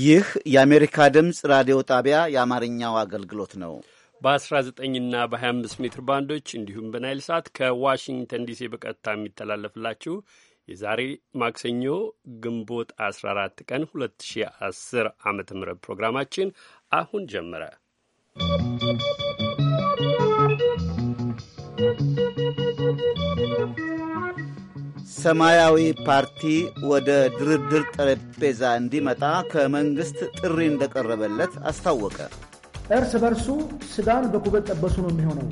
ይህ የአሜሪካ ድምፅ ራዲዮ ጣቢያ የአማርኛው አገልግሎት ነው። በ19ና በ25 ሜትር ባንዶች እንዲሁም በናይል ሳት ከዋሽንግተን ዲሲ በቀጥታ የሚተላለፍላችሁ የዛሬ ማክሰኞ ግንቦት 14 ቀን 2010 ዓ ም ፕሮግራማችን አሁን ጀመረ። ሰማያዊ ፓርቲ ወደ ድርድር ጠረጴዛ እንዲመጣ ከመንግሥት ጥሪ እንደቀረበለት አስታወቀ። እርስ በርሱ ስጋን በኩበት ጠበሱ ነው የሚሆነው።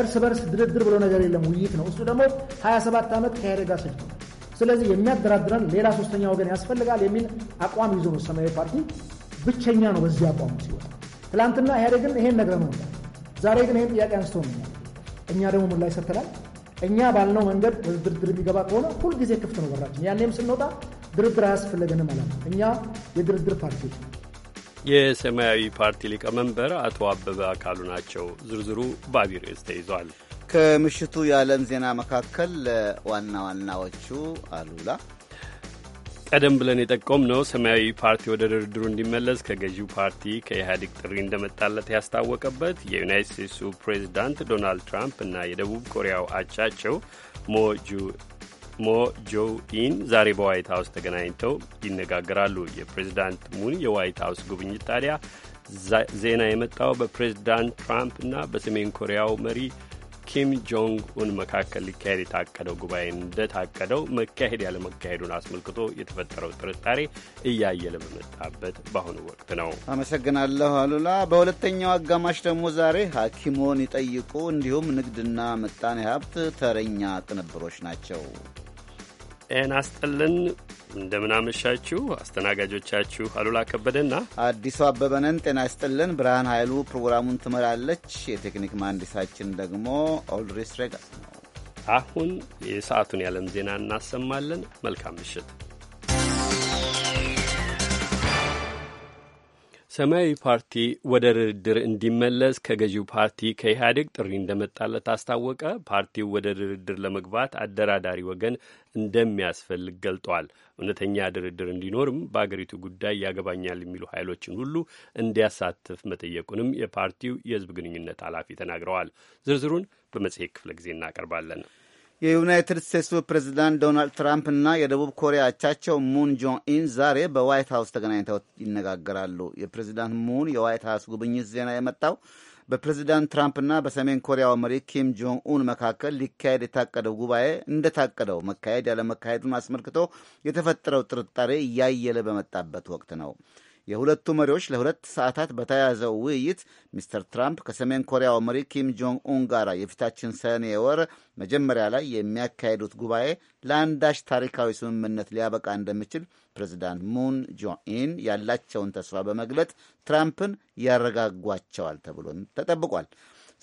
እርስ በርስ ድርድር ብሎ ነገር የለም፣ ውይይት ነው። እሱ ደግሞ 27 ዓመት ከኢህአዴግ ጋር ነው። ስለዚህ የሚያደራድረን ሌላ ሶስተኛ ወገን ያስፈልጋል የሚል አቋም ይዞ ነው ሰማያዊ ፓርቲ ብቸኛ ነው በዚህ አቋሙ ሲወጣ። ትናንትና ኢህአዴግን ይሄን ነው፣ ዛሬ ግን ይህን ጥያቄ አንስቶ ነው። እኛ ደግሞ ምን ላይ እኛ ባልነው መንገድ ድርድር የሚገባ ከሆነ ሁልጊዜ ክፍት ነው በራችን። ያኔም ስንወጣ ድርድር አያስፈለገንም አለ። ነው። እኛ የድርድር ፓርቲ የሰማያዊ ፓርቲ ሊቀመንበር አቶ አበበ አካሉ ናቸው። ዝርዝሩ ባቢር ስ ተይዟል። ከምሽቱ የዓለም ዜና መካከል ዋና ዋናዎቹ አሉላ ቀደም ብለን የጠቆም ነው ሰማያዊ ፓርቲ ወደ ድርድሩ እንዲመለስ ከገዢው ፓርቲ ከኢህአዴግ ጥሪ እንደመጣለት ያስታወቀበት የዩናይት ስቴትሱ ፕሬዚዳንት ዶናልድ ትራምፕ እና የደቡብ ኮሪያው አቻቸው ሞ ጆው ኢን ዛሬ በዋይት ሀውስ ተገናኝተው ይነጋገራሉ። የፕሬዚዳንት ሙን የዋይት ሀውስ ጉብኝት ታዲያ ዜና የመጣው በፕሬዚዳንት ትራምፕ እና በሰሜን ኮሪያው መሪ ኪም ጆንግ ኡን መካከል ሊካሄድ የታቀደው ጉባኤ እንደታቀደው መካሄድ ያለመካሄዱን አስመልክቶ የተፈጠረው ጥርጣሬ እያየለ በመጣበት በአሁኑ ወቅት ነው። አመሰግናለሁ አሉላ። በሁለተኛው አጋማሽ ደግሞ ዛሬ ሐኪሞን ይጠይቁ እንዲሁም ንግድና ምጣኔ ሀብት ተረኛ ቅንብሮች ናቸው። ጤና ይስጥልን። እንደምናመሻችሁ አስተናጋጆቻችሁ አሉላ ከበደና አዲሱ አበበነን። ጤና ይስጥልን። ብርሃን ኃይሉ ፕሮግራሙን ትመራለች። የቴክኒክ መሐንዲሳችን ደግሞ ኦልድሪስ ሬጋስ ነው። አሁን የሰዓቱን የዓለም ዜና እናሰማለን። መልካም ምሽት። ሰማያዊ ፓርቲ ወደ ድርድር እንዲመለስ ከገዢው ፓርቲ ከኢህአዴግ ጥሪ እንደመጣለት አስታወቀ። ፓርቲው ወደ ድርድር ለመግባት አደራዳሪ ወገን እንደሚያስፈልግ ገልጧል። እውነተኛ ድርድር እንዲኖርም በአገሪቱ ጉዳይ ያገባኛል የሚሉ ኃይሎችን ሁሉ እንዲያሳትፍ መጠየቁንም የፓርቲው የህዝብ ግንኙነት ኃላፊ ተናግረዋል። ዝርዝሩን በመጽሔት ክፍለ ጊዜ እናቀርባለን። የዩናይትድ ስቴትሱ ፕሬዚዳንት ዶናልድ ትራምፕ እና የደቡብ ኮሪያ አቻቸው ሙን ጆንግ ኢን ዛሬ በዋይት ሀውስ ተገናኝተው ይነጋገራሉ። የፕሬዚዳንት ሙን የዋይት ሀውስ ጉብኝት ዜና የመጣው በፕሬዚዳንት ትራምፕና በሰሜን ኮሪያው መሪ ኪም ጆንግ ኡን መካከል ሊካሄድ የታቀደው ጉባኤ እንደታቀደው መካሄድ ያለመካሄዱን አስመልክቶ የተፈጠረው ጥርጣሬ እያየለ በመጣበት ወቅት ነው። የሁለቱ መሪዎች ለሁለት ሰዓታት በተያያዘው ውይይት ሚስተር ትራምፕ ከሰሜን ኮሪያው መሪ ኪም ጆንግ ኡን ጋር የፊታችን ሰኔ ወር መጀመሪያ ላይ የሚያካሄዱት ጉባኤ ለአንዳች ታሪካዊ ስምምነት ሊያበቃ እንደሚችል ፕሬዚዳንት ሙን ጆኢን ያላቸውን ተስፋ በመግለጥ ትራምፕን ያረጋጓቸዋል ተብሎ ተጠብቋል።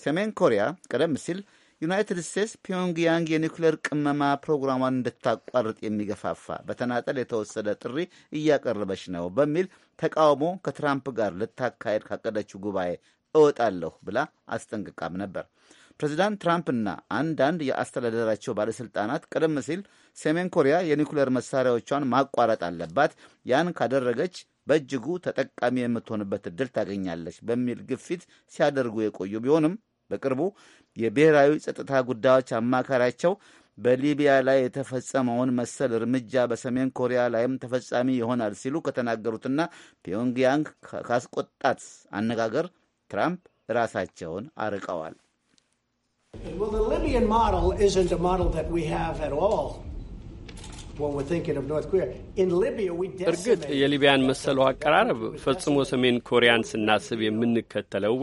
ሰሜን ኮሪያ ቀደም ሲል ዩናይትድ ስቴትስ ፒዮንግያንግ የኒውክሌር ቅመማ ፕሮግራሟን እንድታቋርጥ የሚገፋፋ በተናጠል የተወሰደ ጥሪ እያቀረበች ነው በሚል ተቃውሞ ከትራምፕ ጋር ልታካሄድ ካቀደችው ጉባኤ እወጣለሁ ብላ አስጠንቅቃም ነበር። ፕሬዚዳንት ትራምፕና አንዳንድ የአስተዳደራቸው ባለሥልጣናት ቀደም ሲል ሰሜን ኮሪያ የኒውክሌር መሳሪያዎቿን ማቋረጥ አለባት፣ ያን ካደረገች በእጅጉ ተጠቃሚ የምትሆንበት እድል ታገኛለች በሚል ግፊት ሲያደርጉ የቆዩ ቢሆንም በቅርቡ የብሔራዊ ጸጥታ ጉዳዮች አማካሪያቸው በሊቢያ ላይ የተፈጸመውን መሰል እርምጃ በሰሜን ኮሪያ ላይም ተፈጻሚ ይሆናል ሲሉ ከተናገሩትና ፒዮንግያንግ ካስቆጣት አነጋገር ትራምፕ ራሳቸውን አርቀዋል። እርግጥ የሊቢያን መሰሉ አቀራረብ ፈጽሞ ሰሜን ኮሪያን ስናስብ የምንከተለው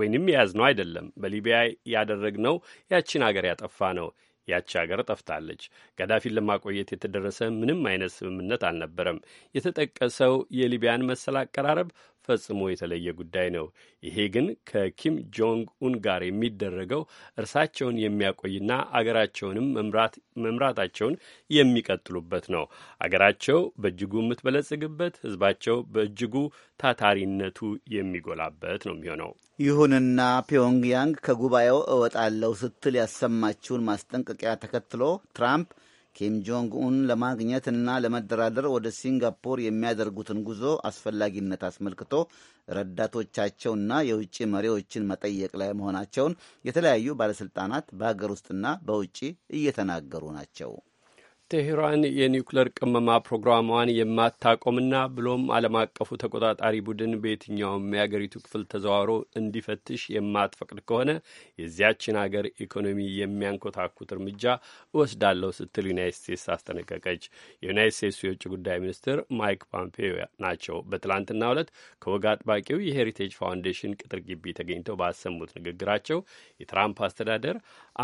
ወይንም የያዝነው አይደለም። በሊቢያ ያደረግነው ያቺን አገር ያጠፋ ነው። ያቺ አገር ጠፍታለች። ጋዳፊን ለማቆየት የተደረሰ ምንም አይነት ስምምነት አልነበረም። የተጠቀሰው የሊቢያን መሰል አቀራረብ ፈጽሞ የተለየ ጉዳይ ነው። ይሄ ግን ከኪም ጆንግ ኡን ጋር የሚደረገው እርሳቸውን የሚያቆይና አገራቸውንም መምራታቸውን የሚቀጥሉበት ነው። አገራቸው በእጅጉ የምትበለጽግበት፣ ህዝባቸው በእጅጉ ታታሪነቱ የሚጎላበት ነው የሚሆነው። ይሁንና ፒዮንግያንግ ከጉባኤው እወጣለሁ ስትል ያሰማችውን ማስጠንቀቂያ ተከትሎ ትራምፕ ኪም ጆንግ ኡን ለማግኘት እና ለመደራደር ወደ ሲንጋፖር የሚያደርጉትን ጉዞ አስፈላጊነት አስመልክቶ ረዳቶቻቸውና የውጭ መሪዎችን መጠየቅ ላይ መሆናቸውን የተለያዩ ባለስልጣናት በሀገር ውስጥና በውጭ እየተናገሩ ናቸው። ቴህራን የኒውክለር ቅመማ ፕሮግራሟን የማታቆምና ብሎም ዓለም አቀፉ ተቆጣጣሪ ቡድን በየትኛውም የአገሪቱ ክፍል ተዘዋውሮ እንዲፈትሽ የማትፈቅድ ከሆነ የዚያችን አገር ኢኮኖሚ የሚያንኮታኩት እርምጃ እወስዳለሁ ስትል ዩናይት ስቴትስ አስጠነቀቀች። የዩናይት ስቴትሱ የውጭ ጉዳይ ሚኒስትር ማይክ ፖምፔዮ ናቸው በትላንትናው ዕለት ከወግ አጥባቂው የሄሪቴጅ ፋውንዴሽን ቅጥር ግቢ ተገኝተው ባሰሙት ንግግራቸው የትራምፕ አስተዳደር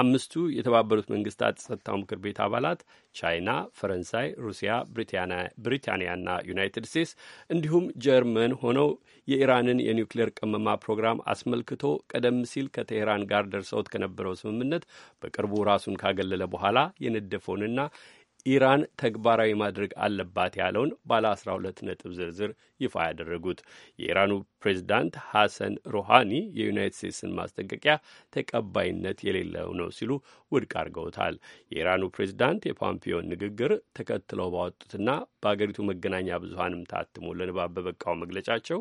አምስቱ የተባበሩት መንግስታት ጸጥታው ምክር ቤት አባላት ቻ ቻይና፣ ፈረንሳይ፣ ሩሲያ፣ ብሪታንያና ዩናይትድ ስቴትስ እንዲሁም ጀርመን ሆነው የኢራንን የኒውክሌር ቅመማ ፕሮግራም አስመልክቶ ቀደም ሲል ከቴሄራን ጋር ደርሰውት ከነበረው ስምምነት በቅርቡ ራሱን ካገለለ በኋላ የነደፈውንና ኢራን ተግባራዊ ማድረግ አለባት ያለውን ባለ 12 ነጥብ ዝርዝር ይፋ ያደረጉት የኢራኑ ፕሬዚዳንት ሐሰን ሩሃኒ የዩናይትድ ስቴትስን ማስጠንቀቂያ ተቀባይነት የሌለው ነው ሲሉ ውድቅ አድርገውታል። የኢራኑ ፕሬዚዳንት የፖምፒዮን ንግግር ተከትለው ባወጡትና በአገሪቱ መገናኛ ብዙሀንም ታትሞ ለንባብ በበቃው መግለጫቸው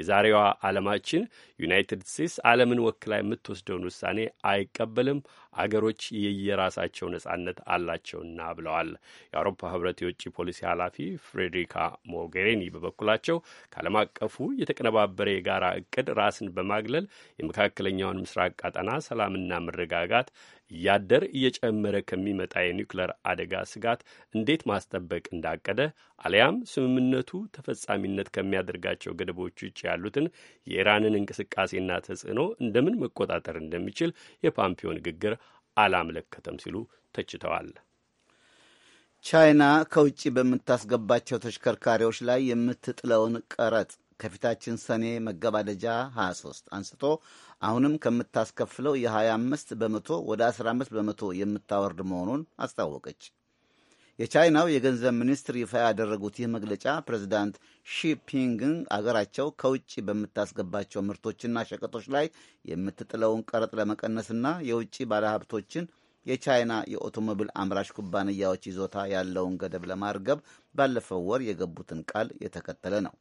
የዛሬዋ ዓለማችን ዩናይትድ ስቴትስ ዓለምን ወክላ የምትወስደውን ውሳኔ አይቀበልም አገሮች የየራሳቸው ነጻነት አላቸውና ብለዋል። የአውሮፓ ህብረት የውጭ ፖሊሲ ኃላፊ ፍሬድሪካ ሞጌሪኒ በበኩላቸው ከዓለም አቀፉ የተቀነባበረ የጋራ እቅድ ራስን በማግለል የመካከለኛውን ምስራቅ ቀጠና ሰላምና መረጋጋት እያደር እየጨመረ ከሚመጣ የኒውክለር አደጋ ስጋት እንዴት ማስጠበቅ እንዳቀደ አሊያም ስምምነቱ ተፈጻሚነት ከሚያደርጋቸው ገደቦች ውጭ ያሉትን የኢራንን እንቅስቃሴና ተጽዕኖ እንደምን መቆጣጠር እንደሚችል የፓምፒዮ ንግግር አላመለከተም ሲሉ ተችተዋል። ቻይና ከውጭ በምታስገባቸው ተሽከርካሪዎች ላይ የምትጥለውን ቀረጥ ከፊታችን ሰኔ መገባደጃ 23 አንስቶ አሁንም ከምታስከፍለው የ25 በመቶ ወደ 15 በመቶ የምታወርድ መሆኑን አስታወቀች። የቻይናው የገንዘብ ሚኒስትር ይፋ ያደረጉት ይህ መግለጫ ፕሬዚዳንት ሺፒንግን አገራቸው ከውጭ በምታስገባቸው ምርቶችና ሸቀጦች ላይ የምትጥለውን ቀረጥ ለመቀነስና የውጭ ባለሀብቶችን የቻይና የኦቶሞቢል አምራች ኩባንያዎች ይዞታ ያለውን ገደብ ለማርገብ ባለፈው ወር የገቡትን ቃል የተከተለ ነው።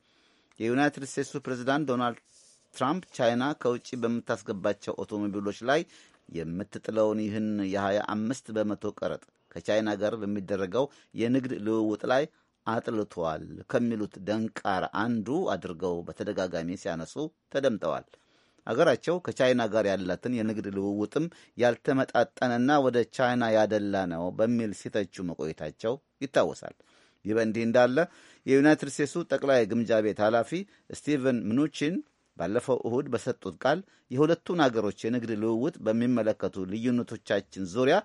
የዩናይትድ ስቴትሱ ፕሬዚዳንት ዶናልድ ትራምፕ ቻይና ከውጭ በምታስገባቸው አውቶሞቢሎች ላይ የምትጥለውን ይህን የ25 በመቶ ቀረጥ ከቻይና ጋር በሚደረገው የንግድ ልውውጥ ላይ አጥልቷል ከሚሉት ደንቃር አንዱ አድርገው በተደጋጋሚ ሲያነሱ ተደምጠዋል። አገራቸው ከቻይና ጋር ያላትን የንግድ ልውውጥም ያልተመጣጠነና ወደ ቻይና ያደላ ነው በሚል ሲተቹ መቆየታቸው ይታወሳል። ይህ በእንዲህ እንዳለ የዩናይትድ ስቴትሱ ጠቅላይ ግምጃ ቤት ኃላፊ ስቲቨን ምኑቺን ባለፈው እሁድ በሰጡት ቃል የሁለቱን አገሮች የንግድ ልውውጥ በሚመለከቱ ልዩነቶቻችን ዙሪያ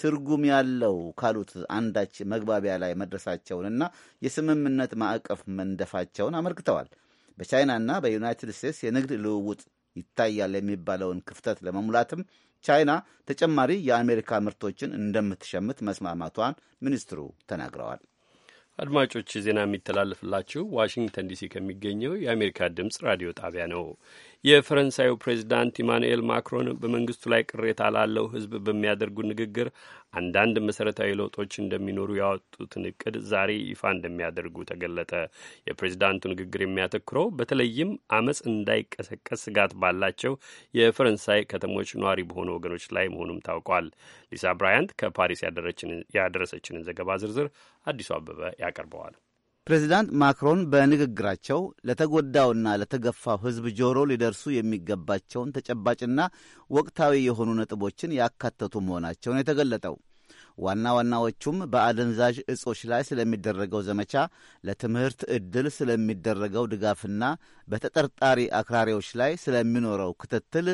ትርጉም ያለው ካሉት አንዳች መግባቢያ ላይ መድረሳቸውንና የስምምነት ማዕቀፍ መንደፋቸውን አመልክተዋል። በቻይናና በዩናይትድ ስቴትስ የንግድ ልውውጥ ይታያል የሚባለውን ክፍተት ለመሙላትም ቻይና ተጨማሪ የአሜሪካ ምርቶችን እንደምትሸምት መስማማቷን ሚኒስትሩ ተናግረዋል። አድማጮች ዜና የሚተላለፍላችሁ ዋሽንግተን ዲሲ ከሚገኘው የአሜሪካ ድምፅ ራዲዮ ጣቢያ ነው። የፈረንሳዩ ፕሬዚዳንት ኢማኑኤል ማክሮን በመንግስቱ ላይ ቅሬታ ላለው ሕዝብ በሚያደርጉ ንግግር አንዳንድ መሰረታዊ ለውጦች እንደሚኖሩ ያወጡትን እቅድ ዛሬ ይፋ እንደሚያደርጉ ተገለጠ። የፕሬዚዳንቱ ንግግር የሚያተኩረው በተለይም አመፅ እንዳይቀሰቀስ ስጋት ባላቸው የፈረንሳይ ከተሞች ነዋሪ በሆኑ ወገኖች ላይ መሆኑም ታውቋል። ሊሳ ብራያንት ከፓሪስ ያደረሰችንን ዘገባ ዝርዝር አዲሱ አበበ ያቀርበዋል። ፕሬዚዳንት ማክሮን በንግግራቸው ለተጎዳውና ለተገፋው ሕዝብ ጆሮ ሊደርሱ የሚገባቸውን ተጨባጭና ወቅታዊ የሆኑ ነጥቦችን ያካተቱ መሆናቸውን የተገለጠው ዋና ዋናዎቹም በአደንዛዥ እጾች ላይ ስለሚደረገው ዘመቻ፣ ለትምህርት ዕድል ስለሚደረገው ድጋፍና በተጠርጣሪ አክራሪዎች ላይ ስለሚኖረው ክትትል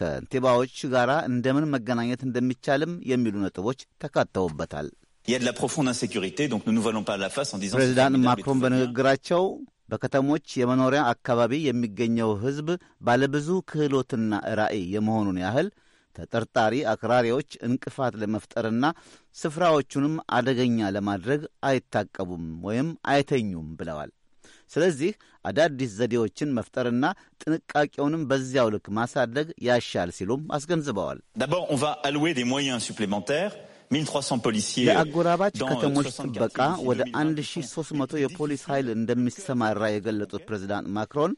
ከንቲባዎች ጋር እንደምን መገናኘት እንደሚቻልም የሚሉ ነጥቦች ተካተውበታል። Il y ፕሬዚዳንት ማክሮን በንግግራቸው በከተሞች የመኖሪያ አካባቢ የሚገኘው ሕዝብ ባለብዙ ክህሎትና ራዕይ የመሆኑን ያህል ተጠርጣሪ አክራሪዎች እንቅፋት ለመፍጠርና ስፍራዎቹንም አደገኛ ለማድረግ አይታቀቡም ወይም አይተኙም ብለዋል። ስለዚህ አዳዲስ ዘዴዎችን መፍጠርና ጥንቃቄውንም በዚያው ልክ ማሳደግ ያሻል ሲሉም አስገንዝበዋል። 1300 policiers የአጎራባች ከተሞች ጥበቃ ወደ 1300 የፖሊስ ኃይል እንደሚሰማራ የገለጹት ፕሬዚዳንት ማክሮን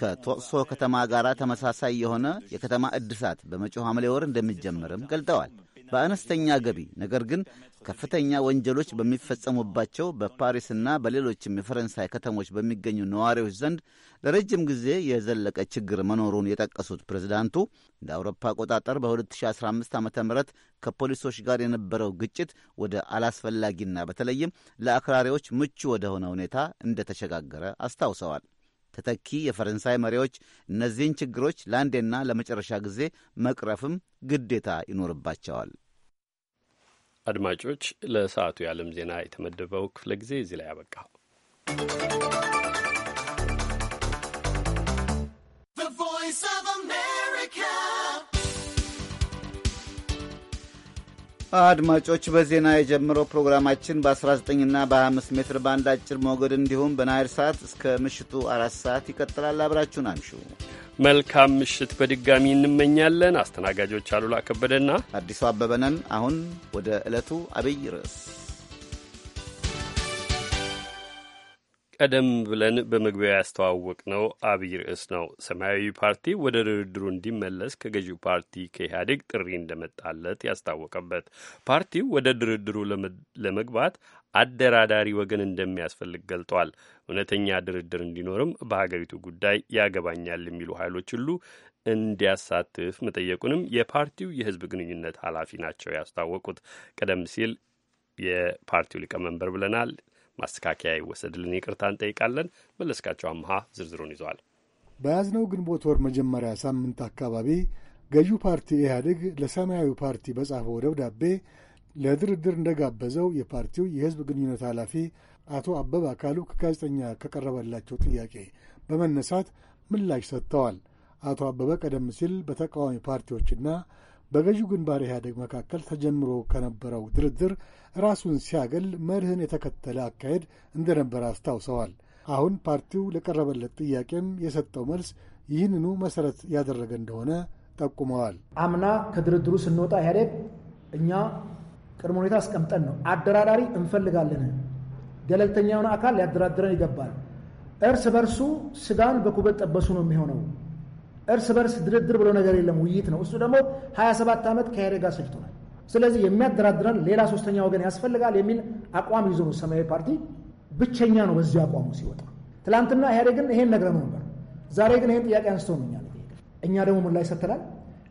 ከቶቅሶ ከተማ ጋር ተመሳሳይ የሆነ የከተማ እድሳት በመጪው ሐምሌ ወር እንደሚጀምርም ገልጠዋል። በአነስተኛ ገቢ ነገር ግን ከፍተኛ ወንጀሎች በሚፈጸሙባቸው በፓሪስና በሌሎችም የፈረንሳይ ከተሞች በሚገኙ ነዋሪዎች ዘንድ ለረጅም ጊዜ የዘለቀ ችግር መኖሩን የጠቀሱት ፕሬዚዳንቱ እንደ አውሮፓ አቆጣጠር በ2015 ዓ ም ከፖሊሶች ጋር የነበረው ግጭት ወደ አላስፈላጊና በተለይም ለአክራሪዎች ምቹ ወደሆነ ሁኔታ እንደተሸጋገረ አስታውሰዋል። ተተኪ የፈረንሳይ መሪዎች እነዚህን ችግሮች ለአንዴና ለመጨረሻ ጊዜ መቅረፍም ግዴታ ይኖርባቸዋል። አድማጮች፣ ለሰዓቱ የዓለም ዜና የተመደበው ክፍለ ጊዜ እዚህ ላይ you. አድማጮች በዜና የጀመረው ፕሮግራማችን በ19ና በ25 ሜትር ባንድ አጭር ሞገድ እንዲሁም በናይል ሰዓት እስከ ምሽቱ አራት ሰዓት ይቀጥላል። አብራችሁን አምሹ። መልካም ምሽት በድጋሚ እንመኛለን። አስተናጋጆች አሉላ ከበደና አዲሱ አበበ ነን። አሁን ወደ ዕለቱ አብይ ርዕስ ቀደም ብለን በመግቢያ ያስተዋወቅ ነው አብይ ርዕስ ነው። ሰማያዊ ፓርቲ ወደ ድርድሩ እንዲመለስ ከገዢው ፓርቲ ከኢህአዴግ ጥሪ እንደመጣለት ያስታወቀበት ፓርቲው ወደ ድርድሩ ለመግባት አደራዳሪ ወገን እንደሚያስፈልግ ገልጧል። እውነተኛ ድርድር እንዲኖርም በሀገሪቱ ጉዳይ ያገባኛል የሚሉ ኃይሎች ሁሉ እንዲያሳትፍ መጠየቁንም የፓርቲው የህዝብ ግንኙነት ኃላፊ ናቸው ያስታወቁት። ቀደም ሲል የፓርቲው ሊቀመንበር ብለናል ማስተካከያ ይወሰድልን ይቅርታ እንጠይቃለን። መለስካቸው አምሃ ዝርዝሩን ይዟል። በያዝነው ግንቦት ወር መጀመሪያ ሳምንት አካባቢ ገዢው ፓርቲ ኢህአዴግ ለሰማያዊ ፓርቲ በጻፈው ደብዳቤ ለድርድር እንደጋበዘው የፓርቲው የህዝብ ግንኙነት ኃላፊ አቶ አበበ አካሉ ከጋዜጠኛ ከቀረበላቸው ጥያቄ በመነሳት ምላሽ ሰጥተዋል። አቶ አበበ ቀደም ሲል በተቃዋሚ ፓርቲዎችና በገዢው ግንባር ኢህአዴግ መካከል ተጀምሮ ከነበረው ድርድር ራሱን ሲያገል መርህን የተከተለ አካሄድ እንደነበረ አስታውሰዋል። አሁን ፓርቲው ለቀረበለት ጥያቄም የሰጠው መልስ ይህንኑ መሰረት ያደረገ እንደሆነ ጠቁመዋል። አምና ከድርድሩ ስንወጣ ኢህአዴግ እኛ ቅድመ ሁኔታ አስቀምጠን ነው አደራዳሪ እንፈልጋለን፣ ገለልተኛውን አካል ሊያደራድረን ይገባል፣ እርስ በርሱ ስጋን በኩበት ጠበሱ ነው የሚሆነው እርስ በርስ ድርድር ብሎ ነገር የለም፣ ውይይት ነው። እሱ ደግሞ 27 ዓመት ከኢህአዴግ ጋር ሰልጥኗል። ስለዚህ የሚያደራድረን ሌላ ሶስተኛ ወገን ያስፈልጋል የሚል አቋም ይዞ ነው ሰማያዊ ፓርቲ ብቸኛ ነው በዚህ አቋሙ ሲወጣ። ትናንትና ኢህአዴግን ይሄን ነግረ ነው ነበር። ዛሬ ግን ይሄን ጥያቄ አንስቶ ነው እኛ እኛ ደግሞ ምን ላይ ሰተናል።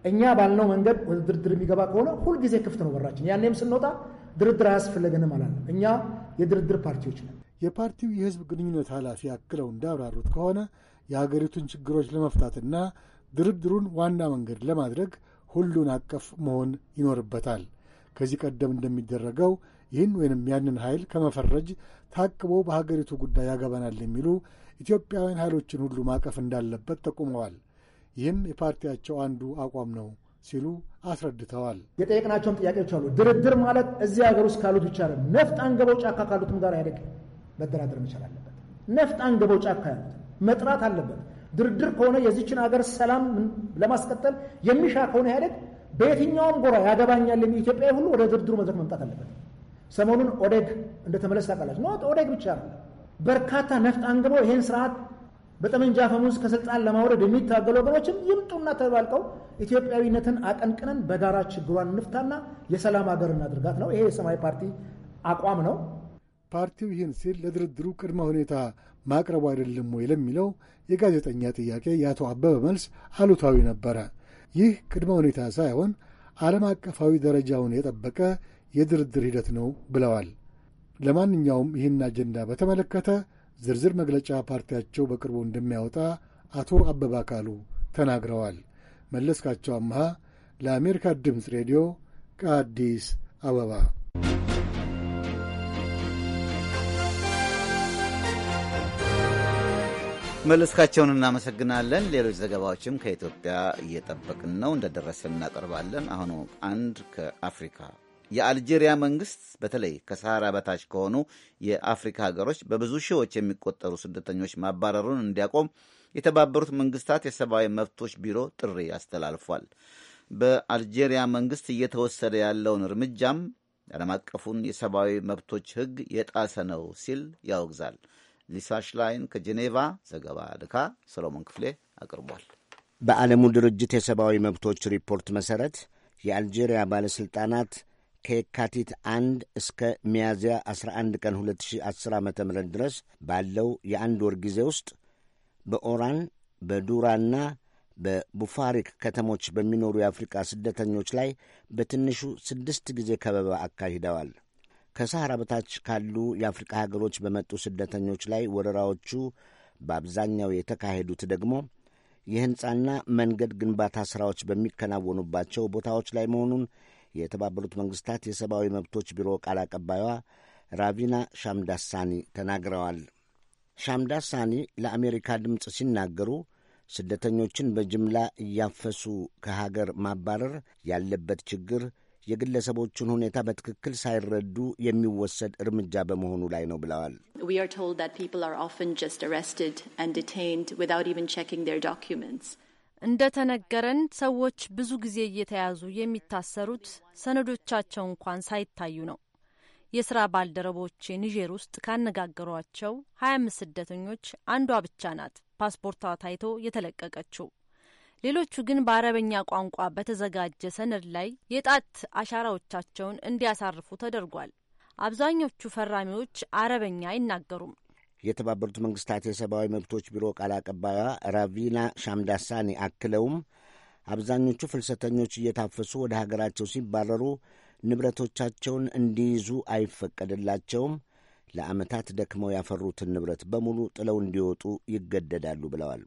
እኛ ባልነው መንገድ ወደ ድርድር የሚገባ ከሆነ ሁልጊዜ ክፍት ነው በራችን። ያኔም ስንወጣ ድርድር አያስፈለገንም አላለም። እኛ የድርድር ፓርቲዎች ነን። የፓርቲው የህዝብ ግንኙነት ኃላፊ አክለው እንዳብራሩት ከሆነ የሀገሪቱን ችግሮች ለመፍታትና ድርድሩን ዋና መንገድ ለማድረግ ሁሉን አቀፍ መሆን ይኖርበታል። ከዚህ ቀደም እንደሚደረገው ይህን ወይንም ያንን ኃይል ከመፈረጅ ታቅቦ በሀገሪቱ ጉዳይ ያገባናል የሚሉ ኢትዮጵያውያን ኃይሎችን ሁሉ ማቀፍ እንዳለበት ጠቁመዋል። ይህም የፓርቲያቸው አንዱ አቋም ነው ሲሉ አስረድተዋል። የጠየቅናቸውም ጥያቄዎች አሉ። ድርድር ማለት እዚህ ሀገር ውስጥ ካሉት ብቻ ነፍጥ አንገበው ጫካ ካሉትም ጋር አይደግ መደራደር መቻል አለበት። ነፍጥ አንገበው ጫካ ያሉት መጥራት አለበት። ድርድር ከሆነ የዚችን ሀገር ሰላም ለማስቀጠል የሚሻ ከሆነ ያደግ በየትኛውም ጎራ ያገባኛል የሚል ኢትዮጵያ ሁሉ ወደ ድርድሩ መድረክ መምጣት አለበት። ሰሞኑን ኦዴግ እንደተመለስ ታውቃላችሁ። ኖት ኦዴግ ብቻ ነው። በርካታ ነፍጥ አንግበው ይህን ስርዓት በጠመንጃ ፈሙዝ ከስልጣን ለማውረድ የሚታገሉ ወገኖችም ይምጡና ተባልቀው ኢትዮጵያዊነትን አቀንቅነን በጋራ ችግሯን እንፍታና የሰላም ሀገር እናድርጋት ነው። ይሄ የሰማያዊ ፓርቲ አቋም ነው። ፓርቲው ይህን ሲል ለድርድሩ ቅድመ ሁኔታ ማቅረቡ አይደለም ወይ ለሚለው የጋዜጠኛ ጥያቄ የአቶ አበበ መልስ አሉታዊ ነበረ። ይህ ቅድመ ሁኔታ ሳይሆን ዓለም አቀፋዊ ደረጃውን የጠበቀ የድርድር ሂደት ነው ብለዋል። ለማንኛውም ይህን አጀንዳ በተመለከተ ዝርዝር መግለጫ ፓርቲያቸው በቅርቡ እንደሚያወጣ አቶ አበባ አካሉ ተናግረዋል። መለስካቸው አምሃ ለአሜሪካ ድምፅ ሬዲዮ ከአዲስ አበባ መለስካቸውን እናመሰግናለን። ሌሎች ዘገባዎችም ከኢትዮጵያ እየጠበቅን ነው፣ እንደደረሰን እናቀርባለን። አሁኑ አንድ ከአፍሪካ የአልጄሪያ መንግስት በተለይ ከሰሃራ በታች ከሆኑ የአፍሪካ ሀገሮች በብዙ ሺዎች የሚቆጠሩ ስደተኞች ማባረሩን እንዲያቆም የተባበሩት መንግስታት የሰብአዊ መብቶች ቢሮ ጥሪ አስተላልፏል። በአልጄሪያ መንግስት እየተወሰደ ያለውን እርምጃም የዓለም አቀፉን የሰብአዊ መብቶች ሕግ የጣሰ ነው ሲል ያወግዛል። ሊሳ ሽላይን ከጄኔቫ ዘገባ ልካ ሰሎሞን ክፍሌ አቅርቧል። በዓለሙ ድርጅት የሰብአዊ መብቶች ሪፖርት መሠረት የአልጄሪያ ባለሥልጣናት ከየካቲት አንድ እስከ ሚያዝያ 11 ቀን 2010 ዓ ም ድረስ ባለው የአንድ ወር ጊዜ ውስጥ በኦራን በዱራና በቡፋሪክ ከተሞች በሚኖሩ የአፍሪቃ ስደተኞች ላይ በትንሹ ስድስት ጊዜ ከበባ አካሂደዋል። ከሰሐራ በታች ካሉ የአፍሪቃ ሀገሮች በመጡ ስደተኞች ላይ ወረራዎቹ በአብዛኛው የተካሄዱት ደግሞ የሕንፃና መንገድ ግንባታ ሥራዎች በሚከናወኑባቸው ቦታዎች ላይ መሆኑን የተባበሩት መንግሥታት የሰብአዊ መብቶች ቢሮ ቃል አቀባይዋ ራቪና ሻምዳሳኒ ተናግረዋል። ሻምዳሳኒ ለአሜሪካ ድምፅ ሲናገሩ ስደተኞችን በጅምላ እያፈሱ ከሀገር ማባረር ያለበት ችግር የግለሰቦቹን ሁኔታ በትክክል ሳይረዱ የሚወሰድ እርምጃ በመሆኑ ላይ ነው ብለዋል። እንደተነገረን ሰዎች ብዙ ጊዜ እየተያዙ የሚታሰሩት ሰነዶቻቸው እንኳን ሳይታዩ ነው። የስራ ባልደረቦቼ ኒጀር ውስጥ ካነጋገሯቸው ሀያ አምስት ስደተኞች አንዷ ብቻ ናት ፓስፖርቷ ታይቶ የተለቀቀችው። ሌሎቹ ግን በአረበኛ ቋንቋ በተዘጋጀ ሰነድ ላይ የጣት አሻራዎቻቸውን እንዲያሳርፉ ተደርጓል። አብዛኞቹ ፈራሚዎች አረበኛ አይናገሩም። የተባበሩት መንግስታት የሰብአዊ መብቶች ቢሮ ቃል አቀባዩ ራቪና ሻምዳሳኒ አክለውም አብዛኞቹ ፍልሰተኞች እየታፈሱ ወደ ሀገራቸው ሲባረሩ ንብረቶቻቸውን እንዲይዙ አይፈቀድላቸውም። ለዓመታት ደክመው ያፈሩትን ንብረት በሙሉ ጥለው እንዲወጡ ይገደዳሉ ብለዋል።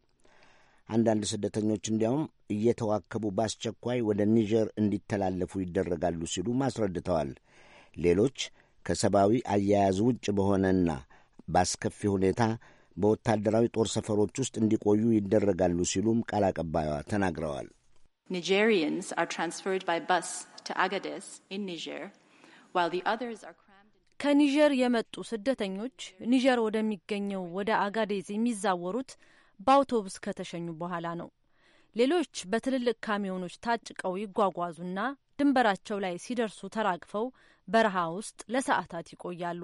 አንዳንድ ስደተኞች እንዲያውም እየተዋከቡ በአስቸኳይ ወደ ኒጀር እንዲተላለፉ ይደረጋሉ ሲሉም አስረድተዋል። ሌሎች ከሰብአዊ አያያዝ ውጭ በሆነና በአስከፊ ሁኔታ በወታደራዊ ጦር ሰፈሮች ውስጥ እንዲቆዩ ይደረጋሉ ሲሉም ቃል አቀባይዋ ተናግረዋል። አጋዴስ ከኒጀር የመጡ ስደተኞች ኒጀር ወደሚገኘው ወደ አጋዴዝ የሚዛወሩት በአውቶቡስ ከተሸኙ በኋላ ነው። ሌሎች በትልልቅ ካሚዮኖች ታጭቀው ይጓጓዙና ድንበራቸው ላይ ሲደርሱ ተራግፈው በረሃ ውስጥ ለሰዓታት ይቆያሉ።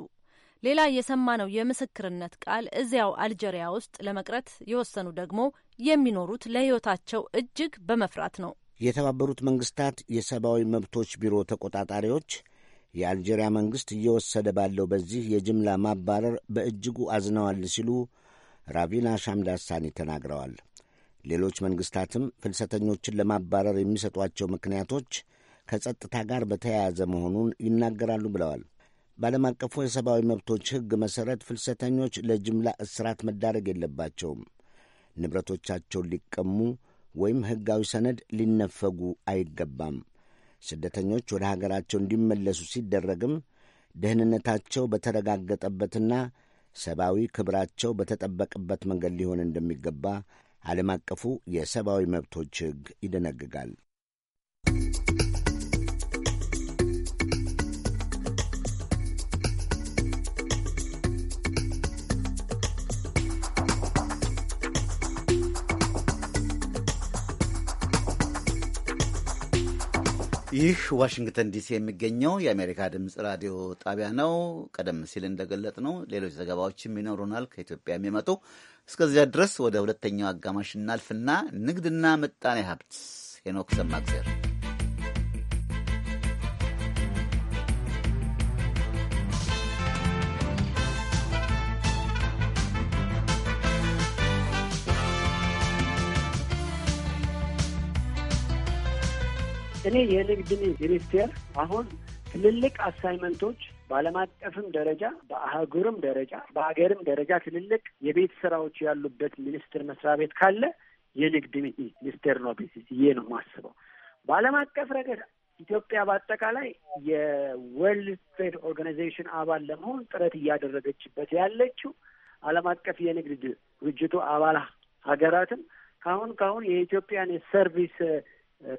ሌላ የሰማነው የምስክርነት ቃል እዚያው አልጀሪያ ውስጥ ለመቅረት የወሰኑ ደግሞ የሚኖሩት ለሕይወታቸው እጅግ በመፍራት ነው። የተባበሩት መንግስታት የሰብአዊ መብቶች ቢሮ ተቆጣጣሪዎች የአልጄሪያ መንግስት እየወሰደ ባለው በዚህ የጅምላ ማባረር በእጅጉ አዝነዋል ሲሉ ራቪና ሻምዳሳኒ ተናግረዋል። ሌሎች መንግስታትም ፍልሰተኞችን ለማባረር የሚሰጧቸው ምክንያቶች ከጸጥታ ጋር በተያያዘ መሆኑን ይናገራሉ ብለዋል። በዓለም አቀፉ የሰብአዊ መብቶች ሕግ መሠረት ፍልሰተኞች ለጅምላ እስራት መዳረግ የለባቸውም። ንብረቶቻቸውን ሊቀሙ ወይም ሕጋዊ ሰነድ ሊነፈጉ አይገባም። ስደተኞች ወደ ሀገራቸው እንዲመለሱ ሲደረግም ደህንነታቸው በተረጋገጠበትና ሰብአዊ ክብራቸው በተጠበቀበት መንገድ ሊሆን እንደሚገባ ዓለም አቀፉ የሰብአዊ መብቶች ሕግ ይደነግጋል። ይህ ዋሽንግተን ዲሲ የሚገኘው የአሜሪካ ድምፅ ራዲዮ ጣቢያ ነው። ቀደም ሲል እንደገለጥ ነው ሌሎች ዘገባዎችም ይኖሩናል ከኢትዮጵያ የሚመጡ እስከዚያ ድረስ ወደ ሁለተኛው አጋማሽ እናልፍና ንግድና ምጣኔ ሀብት ሄኖክ ሰማግዜር እኔ የንግድ ሚኒስቴር አሁን ትልልቅ አሳይመንቶች በዓለም አቀፍም ደረጃ በአህጉርም ደረጃ በሀገርም ደረጃ ትልልቅ የቤት ስራዎች ያሉበት ሚኒስቴር መስሪያ ቤት ካለ የንግድ ሚኒስቴር ነው ብዬ ነው የማስበው። በዓለም አቀፍ ረገድ ኢትዮጵያ በአጠቃላይ የወርልድ ትሬድ ኦርጋናይዜሽን አባል ለመሆን ጥረት እያደረገችበት ያለችው ዓለም አቀፍ የንግድ ድርጅቱ አባል ሀገራትም ካሁን ካሁን የኢትዮጵያን የሰርቪስ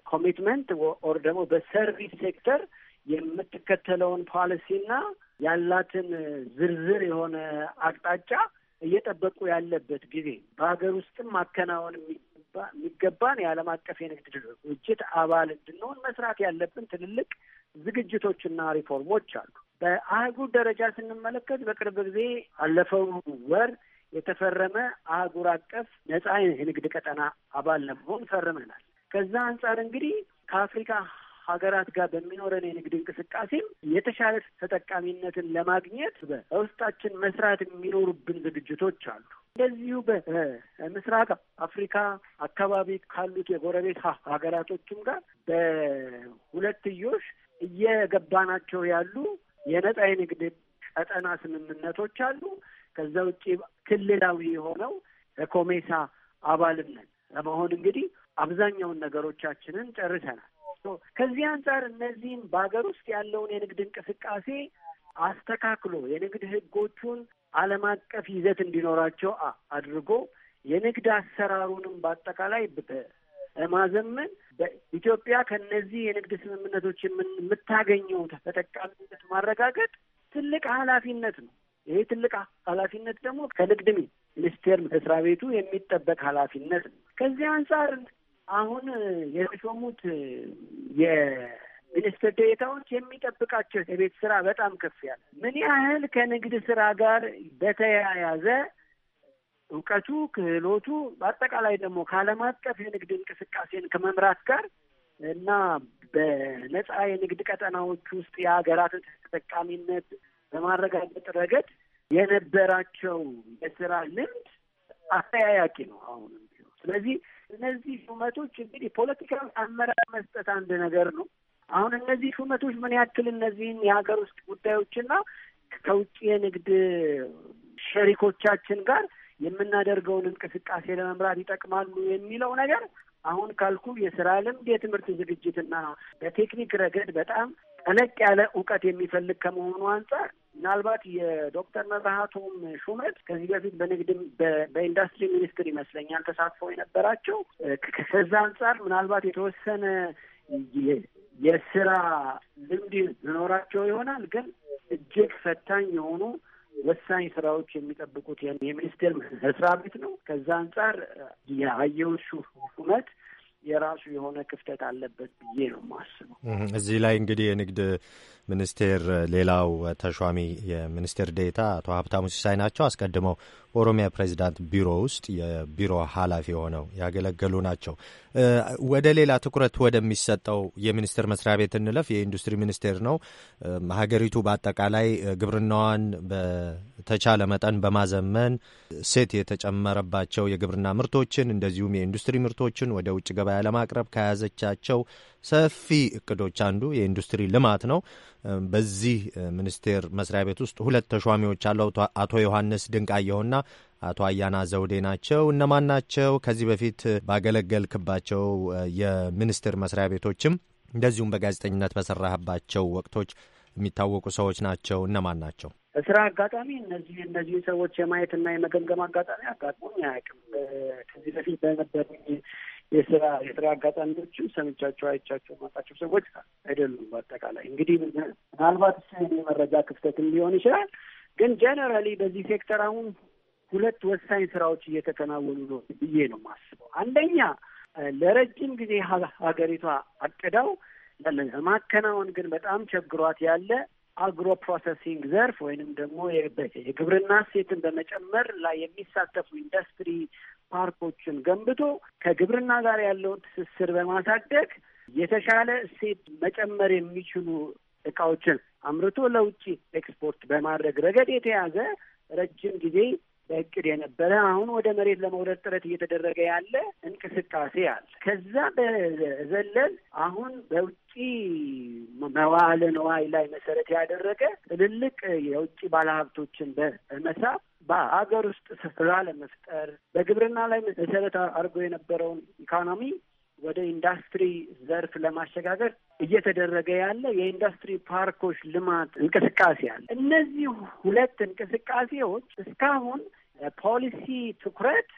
ኮሚትመንት ኦር ደግሞ በሰርቪስ ሴክተር የምትከተለውን ፖሊሲና ያላትን ዝርዝር የሆነ አቅጣጫ እየጠበቁ ያለበት ጊዜ በሀገር ውስጥም ማከናወን የሚገባን የዓለም አቀፍ የንግድ ድርጅት አባል እንድንሆን መስራት ያለብን ትልልቅ ዝግጅቶችና ሪፎርሞች አሉ። በአህጉር ደረጃ ስንመለከት በቅርብ ጊዜ አለፈው ወር የተፈረመ አህጉር አቀፍ ነጻ የንግድ ቀጠና አባል ለመሆን ፈርመናል። ከዛ አንጻር እንግዲህ ከአፍሪካ ሀገራት ጋር በሚኖረን የንግድ እንቅስቃሴም የተሻለ ተጠቃሚነትን ለማግኘት በውስጣችን መስራት የሚኖሩብን ዝግጅቶች አሉ። እንደዚሁ በምስራቅ አፍሪካ አካባቢ ካሉት የጎረቤት ሀገራቶችም ጋር በሁለትዮሽ እየገባናቸው ያሉ የነጻ የንግድ ቀጠና ስምምነቶች አሉ። ከዛ ውጭ ክልላዊ የሆነው ኮሜሳ አባልነት ለመሆን እንግዲህ አብዛኛውን ነገሮቻችንን ጨርሰናል። ከዚህ አንጻር እነዚህም በሀገር ውስጥ ያለውን የንግድ እንቅስቃሴ አስተካክሎ የንግድ ህጎቹን ዓለም አቀፍ ይዘት እንዲኖራቸው አድርጎ የንግድ አሰራሩንም በአጠቃላይ በማዘመን በኢትዮጵያ ከነዚህ የንግድ ስምምነቶች የምታገኘው ተጠቃሚነት ማረጋገጥ ትልቅ ኃላፊነት ነው። ይሄ ትልቅ ኃላፊነት ደግሞ ከንግድ ሚኒስቴር መስሪያ ቤቱ የሚጠበቅ ኃላፊነት ነው። ከዚህ አንጻር አሁን የተሾሙት የሚኒስትር ዴታዎች የሚጠብቃቸው የቤት ስራ በጣም ከፍ ያለ ምን ያህል ከንግድ ስራ ጋር በተያያዘ እውቀቱ፣ ክህሎቱ በአጠቃላይ ደግሞ ከዓለም አቀፍ የንግድ እንቅስቃሴን ከመምራት ጋር እና በነጻ የንግድ ቀጠናዎች ውስጥ የሀገራትን ተጠቃሚነት በማረጋገጥ ረገድ የነበራቸው የስራ ልምድ አስተያያቂ ነው አሁንም ቢሆን ስለዚህ እነዚህ ሹመቶች እንግዲህ ፖለቲካዊ አመራር መስጠት አንድ ነገር ነው። አሁን እነዚህ ሹመቶች ምን ያክል እነዚህን የሀገር ውስጥ ጉዳዮችና ከውጭ የንግድ ሸሪኮቻችን ጋር የምናደርገውን እንቅስቃሴ ለመምራት ይጠቅማሉ የሚለው ነገር አሁን ካልኩ የስራ ልምድ፣ የትምህርት ዝግጅትና በቴክኒክ ረገድ በጣም ጠለቅ ያለ እውቀት የሚፈልግ ከመሆኑ አንጻር ምናልባት የዶክተር መብራቱም ሹመት ከዚህ በፊት በንግድም በኢንዱስትሪ ሚኒስትር ይመስለኛል ተሳትፎ የነበራቸው ከዛ አንጻር ምናልባት የተወሰነ የስራ ልምድ ይኖራቸው ይሆናል። ግን እጅግ ፈታኝ የሆኑ ወሳኝ ስራዎች የሚጠብቁት የሚኒስቴር መስሪያ ቤት ነው። ከዛ አንጻር የአየሁት ሹመት የራሱ የሆነ ክፍተት አለበት ብዬ ነው የማስበው። እዚህ ላይ እንግዲህ የንግድ ሚኒስቴር ሌላው ተሿሚ የሚኒስቴር ዴታ አቶ ሀብታሙ ሲሳይ ናቸው። አስቀድመው ኦሮሚያ ፕሬዚዳንት ቢሮ ውስጥ የቢሮ ኃላፊ ሆነው ያገለገሉ ናቸው። ወደ ሌላ ትኩረት ወደሚሰጠው የሚኒስቴር መስሪያ ቤት እንለፍ። የኢንዱስትሪ ሚኒስቴር ነው። ሀገሪቱ በአጠቃላይ ግብርናዋን በተቻለ መጠን በማዘመን ሴት የተጨመረባቸው የግብርና ምርቶችን እንደዚሁም የኢንዱስትሪ ምርቶችን ወደ ውጭ ገበያ ለማቅረብ ከያዘቻቸው ሰፊ እቅዶች አንዱ የኢንዱስትሪ ልማት ነው። በዚህ ሚኒስቴር መስሪያ ቤት ውስጥ ሁለት ተሿሚዎች አሉ። አቶ ዮሐንስ ድንቃየሁና አቶ አያና ዘውዴ ናቸው። እነማን ናቸው? ከዚህ በፊት ባገለገልክባቸው የሚኒስቴር መስሪያ ቤቶችም እንደዚሁም በጋዜጠኝነት በሰራህባቸው ወቅቶች የሚታወቁ ሰዎች ናቸው። እነማን ናቸው? ስራ አጋጣሚ እነዚህ እነዚህ ሰዎች የማየትና የመገምገም አጋጣሚ አጋጥሞኝ አያውቅም። ከዚህ በፊት በነበሩኝ የስራ የስራ አጋጣሚዎችን ሰምቻቸው አይቻቸው ማጣቸው ሰዎች አይደሉም። በአጠቃላይ እንግዲህ ምናልባት የመረጃ ክፍተትም ሊሆን ይችላል። ግን ጀነራሊ በዚህ ሴክተር አሁን ሁለት ወሳኝ ስራዎች እየተከናወኑ ነው ብዬ ነው የማስበው። አንደኛ ለረጅም ጊዜ ሀገሪቷ አቅዳው ለማከናወን ግን በጣም ቸግሯት ያለ አግሮ ፕሮሰሲንግ ዘርፍ ወይንም ደግሞ የግብርና ሴትን በመጨመር ላይ የሚሳተፉ ኢንዱስትሪ ፓርኮችን ገንብቶ ከግብርና ጋር ያለውን ትስስር በማሳደግ የተሻለ እሴት መጨመር የሚችሉ እቃዎችን አምርቶ ለውጭ ኤክስፖርት በማድረግ ረገድ የተያዘ ረጅም ጊዜ እቅድ የነበረ አሁን ወደ መሬት ለመውረድ ጥረት እየተደረገ ያለ እንቅስቃሴ አለ። ከዛ በዘለል አሁን በውጭ መዋዕለ ነዋይ ላይ መሰረት ያደረገ ትልልቅ የውጭ ባለሀብቶችን በመሳብ በሀገር ውስጥ ስፍራ ለመፍጠር በግብርና ላይ መሰረት አድርጎ የነበረውን ኢኮኖሚ ወደ ኢንዱስትሪ ዘርፍ ለማሸጋገር እየተደረገ ያለ የኢንዱስትሪ ፓርኮች ልማት እንቅስቃሴ አለ። እነዚህ ሁለት እንቅስቃሴዎች እስካሁን ፖሊሲ ትኩረት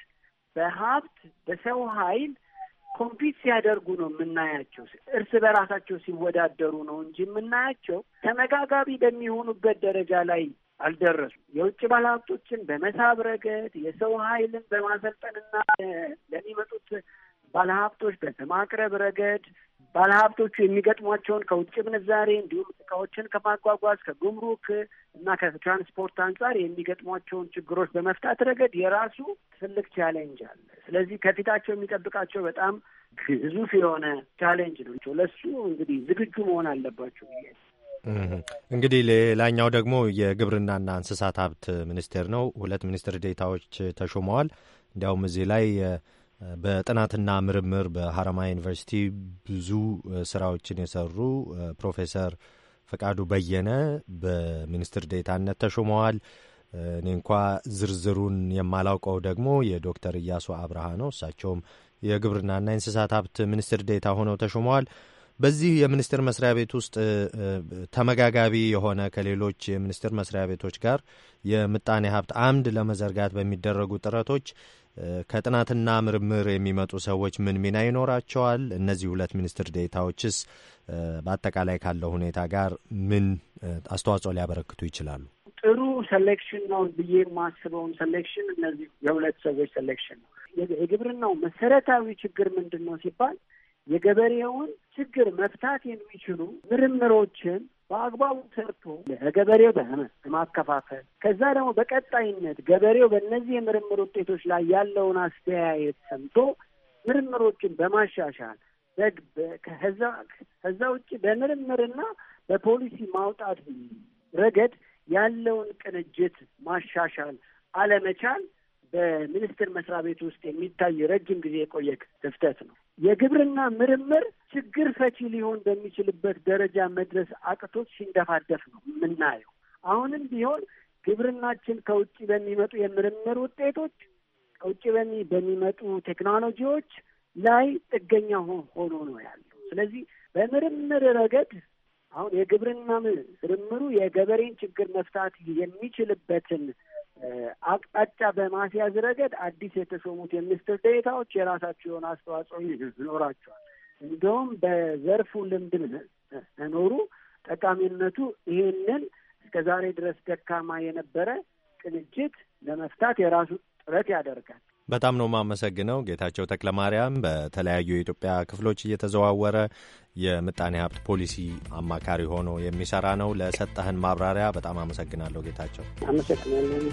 በሀብት በሰው ኃይል ኮምፒት ሲያደርጉ ነው የምናያቸው። እርስ በራሳቸው ሲወዳደሩ ነው እንጂ የምናያቸው ተመጋጋቢ በሚሆኑበት ደረጃ ላይ አልደረሱም። የውጭ ባለሀብቶችን በመሳብ ረገድ የሰው ኃይልን በማሰልጠንና ለሚመጡት ባለሀብቶች በማቅረብ ረገድ ባለሀብቶቹ የሚገጥሟቸውን ከውጭ ምንዛሬ እንዲሁም እቃዎችን ከማጓጓዝ ከጉምሩክ እና ከትራንስፖርት አንጻር የሚገጥሟቸውን ችግሮች በመፍታት ረገድ የራሱ ትልቅ ቻሌንጅ አለ። ስለዚህ ከፊታቸው የሚጠብቃቸው በጣም ግዙፍ የሆነ ቻሌንጅ ነው። ለሱ እንግዲህ ዝግጁ መሆን አለባቸው። እንግዲህ ሌላኛው ደግሞ የግብርናና እንስሳት ሀብት ሚኒስቴር ነው። ሁለት ሚኒስትር ዴታዎች ተሾመዋል። እንዲያውም እዚህ ላይ በጥናትና ምርምር በሀረማያ ዩኒቨርሲቲ ብዙ ስራዎችን የሰሩ ፕሮፌሰር ፈቃዱ በየነ በሚኒስትር ዴታነት ተሾመዋል። እኔ እንኳ ዝርዝሩን የማላውቀው ደግሞ የዶክተር እያሱ አብርሃ ነው። እሳቸውም የግብርናና የእንስሳት ሀብት ሚኒስትር ዴታ ሆነው ተሾመዋል። በዚህ የሚኒስቴር መስሪያ ቤት ውስጥ ተመጋጋቢ የሆነ ከሌሎች የሚኒስቴር መስሪያ ቤቶች ጋር የምጣኔ ሀብት አምድ ለመዘርጋት በሚደረጉ ጥረቶች ከጥናትና ምርምር የሚመጡ ሰዎች ምን ሚና ይኖራቸዋል? እነዚህ ሁለት ሚኒስትር ዴታዎችስ በአጠቃላይ ካለው ሁኔታ ጋር ምን አስተዋጽኦ ሊያበረክቱ ይችላሉ? ጥሩ ሴሌክሽን ነው ብዬ የማስበውን ሴሌክሽን እነዚህ የሁለት ሰዎች ሴሌክሽን ነው። የግብርናው መሰረታዊ ችግር ምንድን ነው ሲባል የገበሬውን ችግር መፍታት የሚችሉ ምርምሮችን በአግባቡ ሰርቶ ለገበሬው በማከፋፈል ከዛ ደግሞ በቀጣይነት ገበሬው በእነዚህ የምርምር ውጤቶች ላይ ያለውን አስተያየት ሰምቶ ምርምሮችን በማሻሻል ከዛ ውጭ በምርምርና በፖሊሲ ማውጣት ረገድ ያለውን ቅንጅት ማሻሻል አለመቻል በሚኒስቴር መስሪያ ቤት ውስጥ የሚታይ ረጅም ጊዜ የቆየ ክፍተት ነው። የግብርና ምርምር ችግር ፈቺ ሊሆን በሚችልበት ደረጃ መድረስ አቅቶት ሲንደፋደፍ ነው የምናየው። አሁንም ቢሆን ግብርናችን ከውጭ በሚመጡ የምርምር ውጤቶች ከውጭ በሚ በሚመጡ ቴክኖሎጂዎች ላይ ጥገኛ ሆኖ ነው ያለው። ስለዚህ በምርምር ረገድ አሁን የግብርና ምርምሩ የገበሬን ችግር መፍታት የሚችልበትን አቅጣጫ በማስያዝ ረገድ አዲስ የተሾሙት የሚኒስትር ዴኤታዎች የራሳቸው የሆነ አስተዋጽኦ ይኖራቸዋል። እንዲሁም በዘርፉ ልምድ መኖሩ ጠቃሚነቱ ይሄንን እስከ ዛሬ ድረስ ደካማ የነበረ ቅንጅት ለመፍታት የራሱ ጥረት ያደርጋል። በጣም ነው የማመሰግነው ጌታቸው ተክለ ማርያም በተለያዩ የኢትዮጵያ ክፍሎች እየተዘዋወረ የምጣኔ ሀብት ፖሊሲ አማካሪ ሆኖ የሚሰራ ነው። ለሰጠህን ማብራሪያ በጣም አመሰግናለሁ ጌታቸው። አመሰግናለሁ።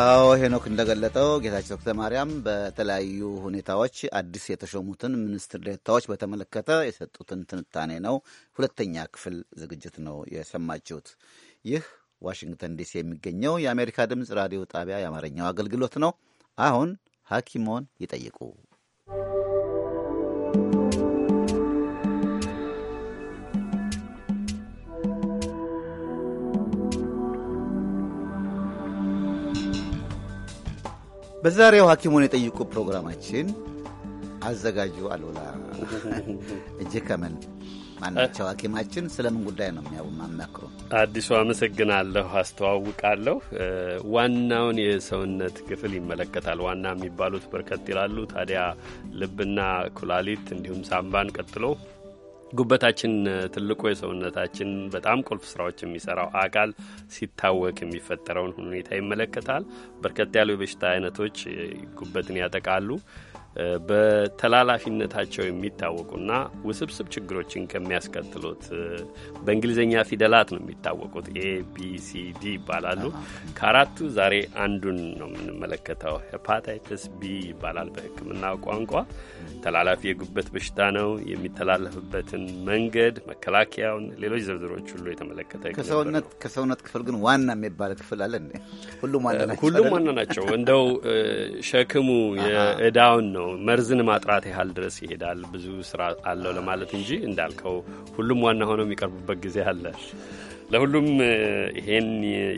አዎ ሄኖክ እንደገለጠው ጌታቸው ተክለ ማርያም በተለያዩ ሁኔታዎች አዲስ የተሾሙትን ሚኒስትር ዴታዎች በተመለከተ የሰጡትን ትንታኔ ነው። ሁለተኛ ክፍል ዝግጅት ነው የሰማችሁት። ይህ ዋሽንግተን ዲሲ የሚገኘው የአሜሪካ ድምፅ ራዲዮ ጣቢያ የአማርኛው አገልግሎት ነው። አሁን ሐኪሞን ይጠይቁ። በዛሬው ሐኪሙን የጠይቁ ፕሮግራማችን አዘጋጁ አሉላ እጅ ከመን ማናቸው ሐኪማችን ስለምን ጉዳይ ነው ማመክሩ? አዲሱ አመሰግናለሁ። አስተዋውቃለሁ። ዋናውን የሰውነት ክፍል ይመለከታል። ዋና የሚባሉት በርከት ይላሉ። ታዲያ ልብና ኩላሊት እንዲሁም ሳምባን ቀጥሎ ጉበታችን ትልቁ የሰውነታችን በጣም ቁልፍ ስራዎች የሚሰራው አካል ሲታወክ የሚፈጠረውን ሁኔታ ይመለከታል። በርከት ያሉ የበሽታ አይነቶች ጉበትን ያጠቃሉ። በተላላፊነታቸው የሚታወቁና ውስብስብ ችግሮችን ከሚያስከትሉት በእንግሊዝኛ ፊደላት ነው የሚታወቁት። ኤ ቢ ሲ ዲ ይባላሉ። ከአራቱ ዛሬ አንዱን ነው የምንመለከተው። ሄፓታይተስ ቢ ይባላል በሕክምና ቋንቋ። ተላላፊ የጉበት በሽታ ነው። የሚተላለፍበትን መንገድ፣ መከላከያውን፣ ሌሎች ዝርዝሮች ሁሉ የተመለከተ ከሰውነት ከሰውነት ክፍል ግን ዋና የሚባል ክፍል አለ። ሁሉም ዋና ናቸው። እንደው ሸክሙ የእዳውን ነው ነው። መርዝን ማጥራት ያህል ድረስ ይሄዳል። ብዙ ስራ አለው ለማለት እንጂ እንዳልከው ሁሉም ዋና ሆነው የሚቀርቡበት ጊዜ አለ። ለሁሉም ይሄን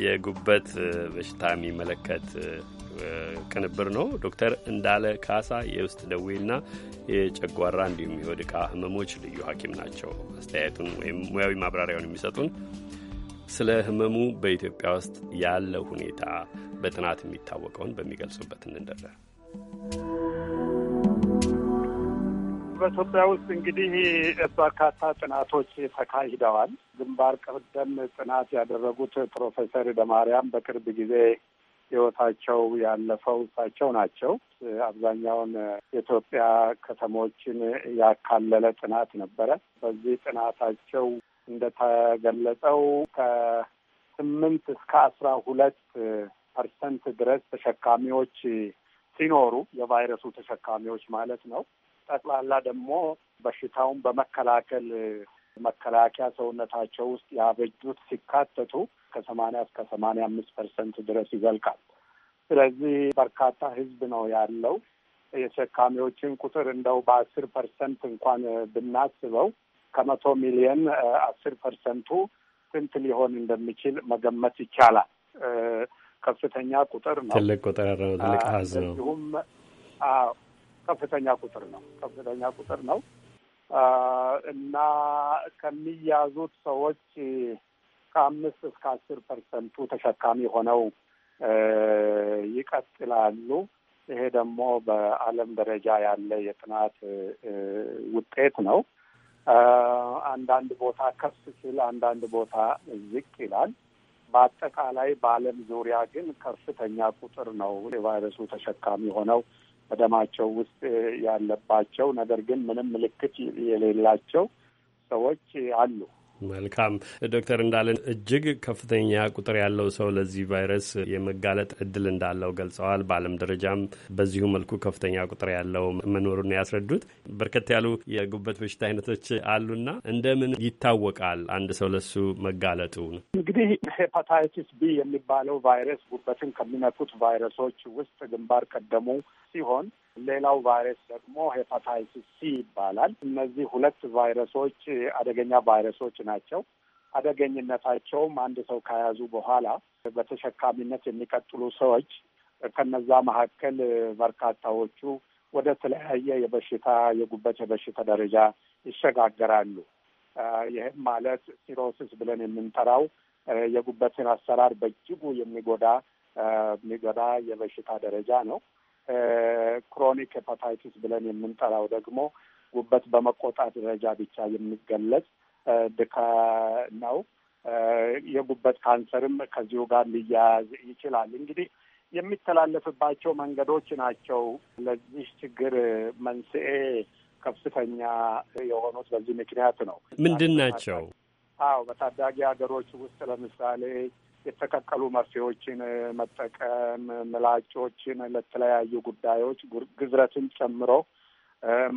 የጉበት በሽታ የሚመለከት ቅንብር ነው። ዶክተር እንዳለ ካሳ የውስጥ ደዌና የጨጓራ እንዲሁም የሆድ ዕቃ ህመሞች ልዩ ሐኪም ናቸው። አስተያየቱን ወይም ሙያዊ ማብራሪያውን የሚሰጡን ስለ ህመሙ በኢትዮጵያ ውስጥ ያለው ሁኔታ በጥናት የሚታወቀውን በሚገልጹበት እንደረ በኢትዮጵያ ውስጥ እንግዲህ በርካታ ጥናቶች ተካሂደዋል። ግንባር ቀደም ጥናት ያደረጉት ፕሮፌሰር ደማርያም በቅርብ ጊዜ ሕይወታቸው ያለፈው እሳቸው ናቸው። አብዛኛውን የኢትዮጵያ ከተሞችን ያካለለ ጥናት ነበረ። በዚህ ጥናታቸው እንደተገለጸው ከስምንት እስከ አስራ ሁለት ፐርሰንት ድረስ ተሸካሚዎች ሲኖሩ የቫይረሱ ተሸካሚዎች ማለት ነው ጠቅላላ ደግሞ በሽታውን በመከላከል መከላከያ ሰውነታቸው ውስጥ ያበጁት ሲካተቱ ከሰማንያ እስከ ሰማንያ አምስት ፐርሰንት ድረስ ይዘልቃል። ስለዚህ በርካታ ህዝብ ነው ያለው። የተሸካሚዎችን ቁጥር እንደው በአስር ፐርሰንት እንኳን ብናስበው ከመቶ ሚሊየን አስር ፐርሰንቱ ስንት ሊሆን እንደሚችል መገመት ይቻላል። ከፍተኛ ቁጥር ነው። ትልቅ ቁጥር ነው። ትልቅ ሀዝ ነው። ከፍተኛ ቁጥር ነው። ከፍተኛ ቁጥር ነው እና ከሚያዙት ሰዎች ከአምስት እስከ አስር ፐርሰንቱ ተሸካሚ ሆነው ይቀጥላሉ። ይሄ ደግሞ በዓለም ደረጃ ያለ የጥናት ውጤት ነው። አንዳንድ ቦታ ከፍ ሲል፣ አንዳንድ ቦታ ዝቅ ይላል። በአጠቃላይ በዓለም ዙሪያ ግን ከፍተኛ ቁጥር ነው የቫይረሱ ተሸካሚ ሆነው በደማቸው ውስጥ ያለባቸው ነገር ግን ምንም ምልክት የሌላቸው ሰዎች አሉ። መልካም ዶክተር እንዳለን እጅግ ከፍተኛ ቁጥር ያለው ሰው ለዚህ ቫይረስ የመጋለጥ እድል እንዳለው ገልጸዋል። በዓለም ደረጃም በዚሁ መልኩ ከፍተኛ ቁጥር ያለው መኖሩን ያስረዱት በርከት ያሉ የጉበት በሽታ አይነቶች አሉና እንደምን ይታወቃል አንድ ሰው ለሱ መጋለጡ? እንግዲህ ሄፓታይቲስ ቢ የሚባለው ቫይረስ ጉበትን ከሚነኩት ቫይረሶች ውስጥ ግንባር ቀደሙ ሲሆን ሌላው ቫይረስ ደግሞ ሄፓታይቲስ ሲ ይባላል። እነዚህ ሁለት ቫይረሶች አደገኛ ቫይረሶች ናቸው። አደገኝነታቸውም አንድ ሰው ከያዙ በኋላ በተሸካሚነት የሚቀጥሉ ሰዎች ከነዛ መካከል በርካታዎቹ ወደ ተለያየ የበሽታ የጉበት የበሽታ ደረጃ ይሸጋገራሉ። ይህም ማለት ሲሮሲስ ብለን የምንጠራው የጉበትን አሰራር በእጅጉ የሚጎዳ የሚጎዳ የበሽታ ደረጃ ነው። ክሮኒክ ሄፓታይቲስ ብለን የምንጠራው ደግሞ ጉበት በመቆጣት ደረጃ ብቻ የሚገለጽ ድካ ነው። የጉበት ካንሰርም ከዚሁ ጋር ሊያያዝ ይችላል። እንግዲህ የሚተላለፍባቸው መንገዶች ናቸው ለዚህ ችግር መንስኤ ከፍተኛ የሆኑት በዚህ ምክንያት ነው። ምንድን ናቸው? አዎ በታዳጊ ሀገሮች ውስጥ ለምሳሌ የተቀቀሉ መርፌዎችን መጠቀም፣ ምላጮችን ለተለያዩ ጉዳዮች ግዝረትን ጨምሮ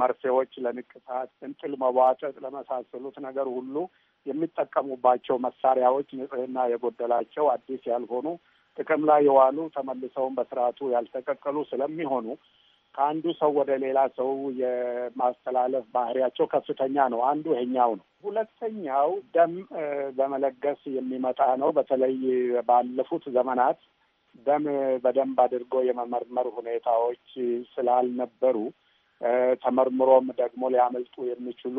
መርፌዎች ለንቅሳት፣ እንጥል መቧጠጥ ለመሳሰሉት ነገር ሁሉ የሚጠቀሙባቸው መሳሪያዎች ንጽህና የጎደላቸው አዲስ ያልሆኑ ጥቅም ላይ የዋሉ ተመልሰውን በስርዓቱ ያልተቀቀሉ ስለሚሆኑ ከአንዱ ሰው ወደ ሌላ ሰው የማስተላለፍ ባህሪያቸው ከፍተኛ ነው። አንዱ ይሄኛው ነው። ሁለተኛው ደም በመለገስ የሚመጣ ነው። በተለይ ባለፉት ዘመናት ደም በደንብ አድርጎ የመመርመር ሁኔታዎች ስላልነበሩ ተመርምሮም ደግሞ ሊያመልጡ የሚችሉ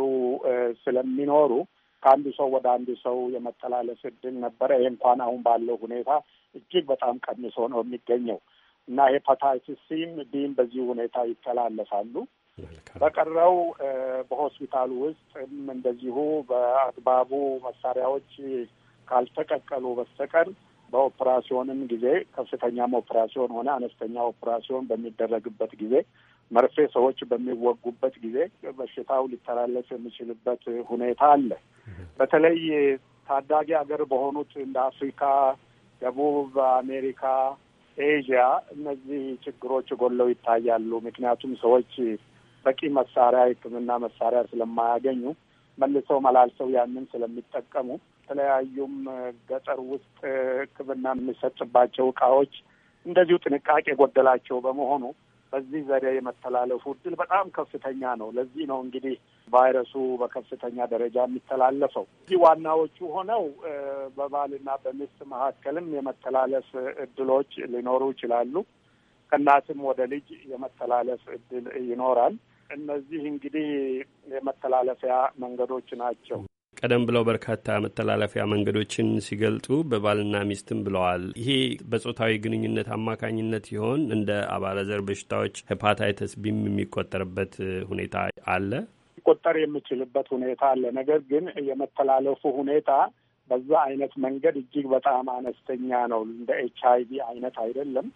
ስለሚኖሩ ከአንዱ ሰው ወደ አንዱ ሰው የመተላለፍ እድል ነበረ። ይህ እንኳን አሁን ባለው ሁኔታ እጅግ በጣም ቀንሶ ነው የሚገኘው። እና ሄፓታይቲስ ሲም ቢም በዚህ ሁኔታ ይተላለፋሉ። በቀረው በሆስፒታሉ ውስጥም እንደዚሁ በአግባቡ መሳሪያዎች ካልተቀቀሉ በስተቀር በኦፕራሲዮንም ጊዜ ከፍተኛም ኦፕራሲዮን ሆነ አነስተኛ ኦፕራሲዮን በሚደረግበት ጊዜ መርፌ ሰዎች በሚወጉበት ጊዜ በሽታው ሊተላለፍ የሚችልበት ሁኔታ አለ። በተለይ ታዳጊ ሀገር በሆኑት እንደ አፍሪካ፣ ደቡብ አሜሪካ ኤዥያ እነዚህ ችግሮች ጎለው ይታያሉ። ምክንያቱም ሰዎች በቂ መሳሪያ፣ የሕክምና መሳሪያ ስለማያገኙ መልሰው መላልሰው ያንን ስለሚጠቀሙ የተለያዩም ገጠር ውስጥ ሕክምና የሚሰጥባቸው እቃዎች እንደዚሁ ጥንቃቄ የጎደላቸው በመሆኑ በዚህ ዘዴ የመተላለፉ እድል በጣም ከፍተኛ ነው። ለዚህ ነው እንግዲህ ቫይረሱ በከፍተኛ ደረጃ የሚተላለፈው። እዚህ ዋናዎቹ ሆነው በባልና በሚስት መካከልም የመተላለፍ እድሎች ሊኖሩ ይችላሉ። ከእናትም ወደ ልጅ የመተላለፍ እድል ይኖራል። እነዚህ እንግዲህ የመተላለፊያ መንገዶች ናቸው። ቀደም ብለው በርካታ መተላለፊያ መንገዶችን ሲገልጡ በባልና ሚስትም ብለዋል። ይሄ በጾታዊ ግንኙነት አማካኝነት ሲሆን እንደ አባለዘር በሽታዎች ሄፓታይተስ ቢም የሚቆጠርበት ሁኔታ አለ? ሊቆጠር የሚችልበት ሁኔታ አለ። ነገር ግን የመተላለፉ ሁኔታ በዛ አይነት መንገድ እጅግ በጣም አነስተኛ ነው። እንደ ኤች አይ ቪ አይነት አይደለም።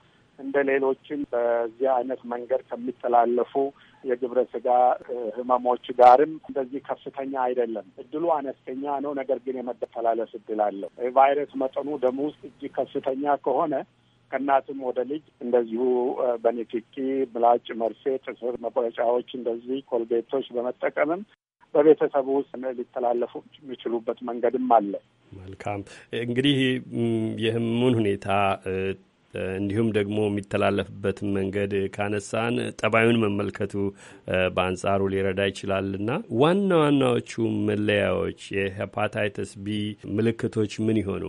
እንደ ሌሎችም በዚህ አይነት መንገድ ከሚተላለፉ የግብረ ስጋ ህመሞች ጋርም እንደዚህ ከፍተኛ አይደለም። እድሉ አነስተኛ ነው። ነገር ግን የመተላለፍ እድል አለው። የቫይረስ መጠኑ ደም ውስጥ እጅግ ከፍተኛ ከሆነ ከእናትም ወደ ልጅ እንደዚሁ በንክኪ ምላጭ፣ መርፌ፣ ጥፍር መቁረጫዎች እንደዚህ ኮልጌቶች በመጠቀምም በቤተሰቡ ውስጥ ሊተላለፉ የሚችሉበት መንገድም አለ። መልካም እንግዲህ የህሙን ሁኔታ እንዲሁም ደግሞ የሚተላለፍበትን መንገድ ካነሳን ጠባዩን መመልከቱ በአንጻሩ ሊረዳ ይችላልና ዋና ዋናዎቹ መለያዎች የሄፓታይተስ ቢ ምልክቶች ምን ይሆኑ?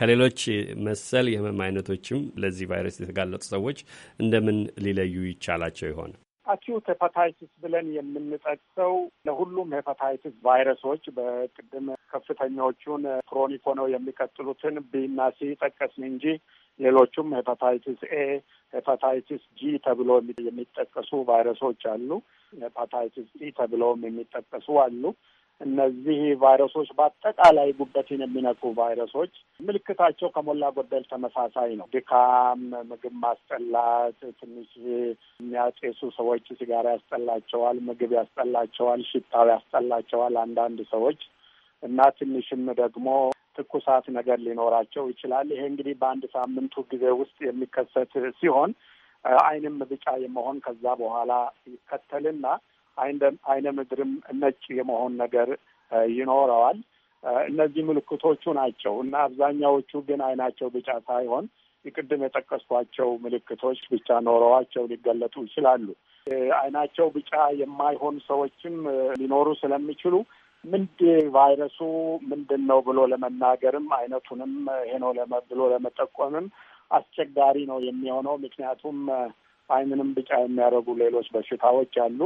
ከሌሎች መሰል የህመም አይነቶችም ለዚህ ቫይረስ የተጋለጡ ሰዎች እንደምን ሊለዩ ይቻላቸው ይሆን? አኪዩት ሄፓታይትስ ብለን የምንጠቅሰው ለሁሉም ሄፓታይትስ ቫይረሶች በቅድም ከፍተኛዎቹን ክሮኒክ ሆነው የሚቀጥሉትን ቢና ሲ ጠቀስን እንጂ ሌሎቹም ሄፓታይትስ ኤ፣ ሄፓታይትስ ጂ ተብሎ የሚጠቀሱ ቫይረሶች አሉ። ሄፓታይትስ ኢ ተብለውም የሚጠቀሱ አሉ። እነዚህ ቫይረሶች በአጠቃላይ ጉበትን የሚነኩ ቫይረሶች ምልክታቸው ከሞላ ጎደል ተመሳሳይ ነው። ድካም፣ ምግብ ማስጠላት፣ ትንሽ የሚያጤሱ ሰዎች ሲጋራ ያስጠላቸዋል፣ ምግብ ያስጠላቸዋል፣ ሽታው ያስጠላቸዋል አንዳንድ ሰዎች እና ትንሽም ደግሞ ትኩሳት ነገር ሊኖራቸው ይችላል። ይሄ እንግዲህ በአንድ ሳምንቱ ጊዜ ውስጥ የሚከሰት ሲሆን አይንም ቢጫ የመሆን ከዛ በኋላ ይከተልና አይነ ምድርም ነጭ የመሆን ነገር ይኖረዋል። እነዚህ ምልክቶቹ ናቸው እና አብዛኛዎቹ ግን አይናቸው ቢጫ ሳይሆን የቅድም የጠቀስኳቸው ምልክቶች ብቻ ኖረዋቸው ሊገለጡ ይችላሉ። አይናቸው ቢጫ የማይሆኑ ሰዎችም ሊኖሩ ስለሚችሉ ምንድ ቫይረሱ ምንድን ነው ብሎ ለመናገርም አይነቱንም ይሄ ነው ብሎ ለመጠቆምም አስቸጋሪ ነው የሚሆነው። ምክንያቱም አይንንም ቢጫ የሚያደርጉ ሌሎች በሽታዎች አሉ።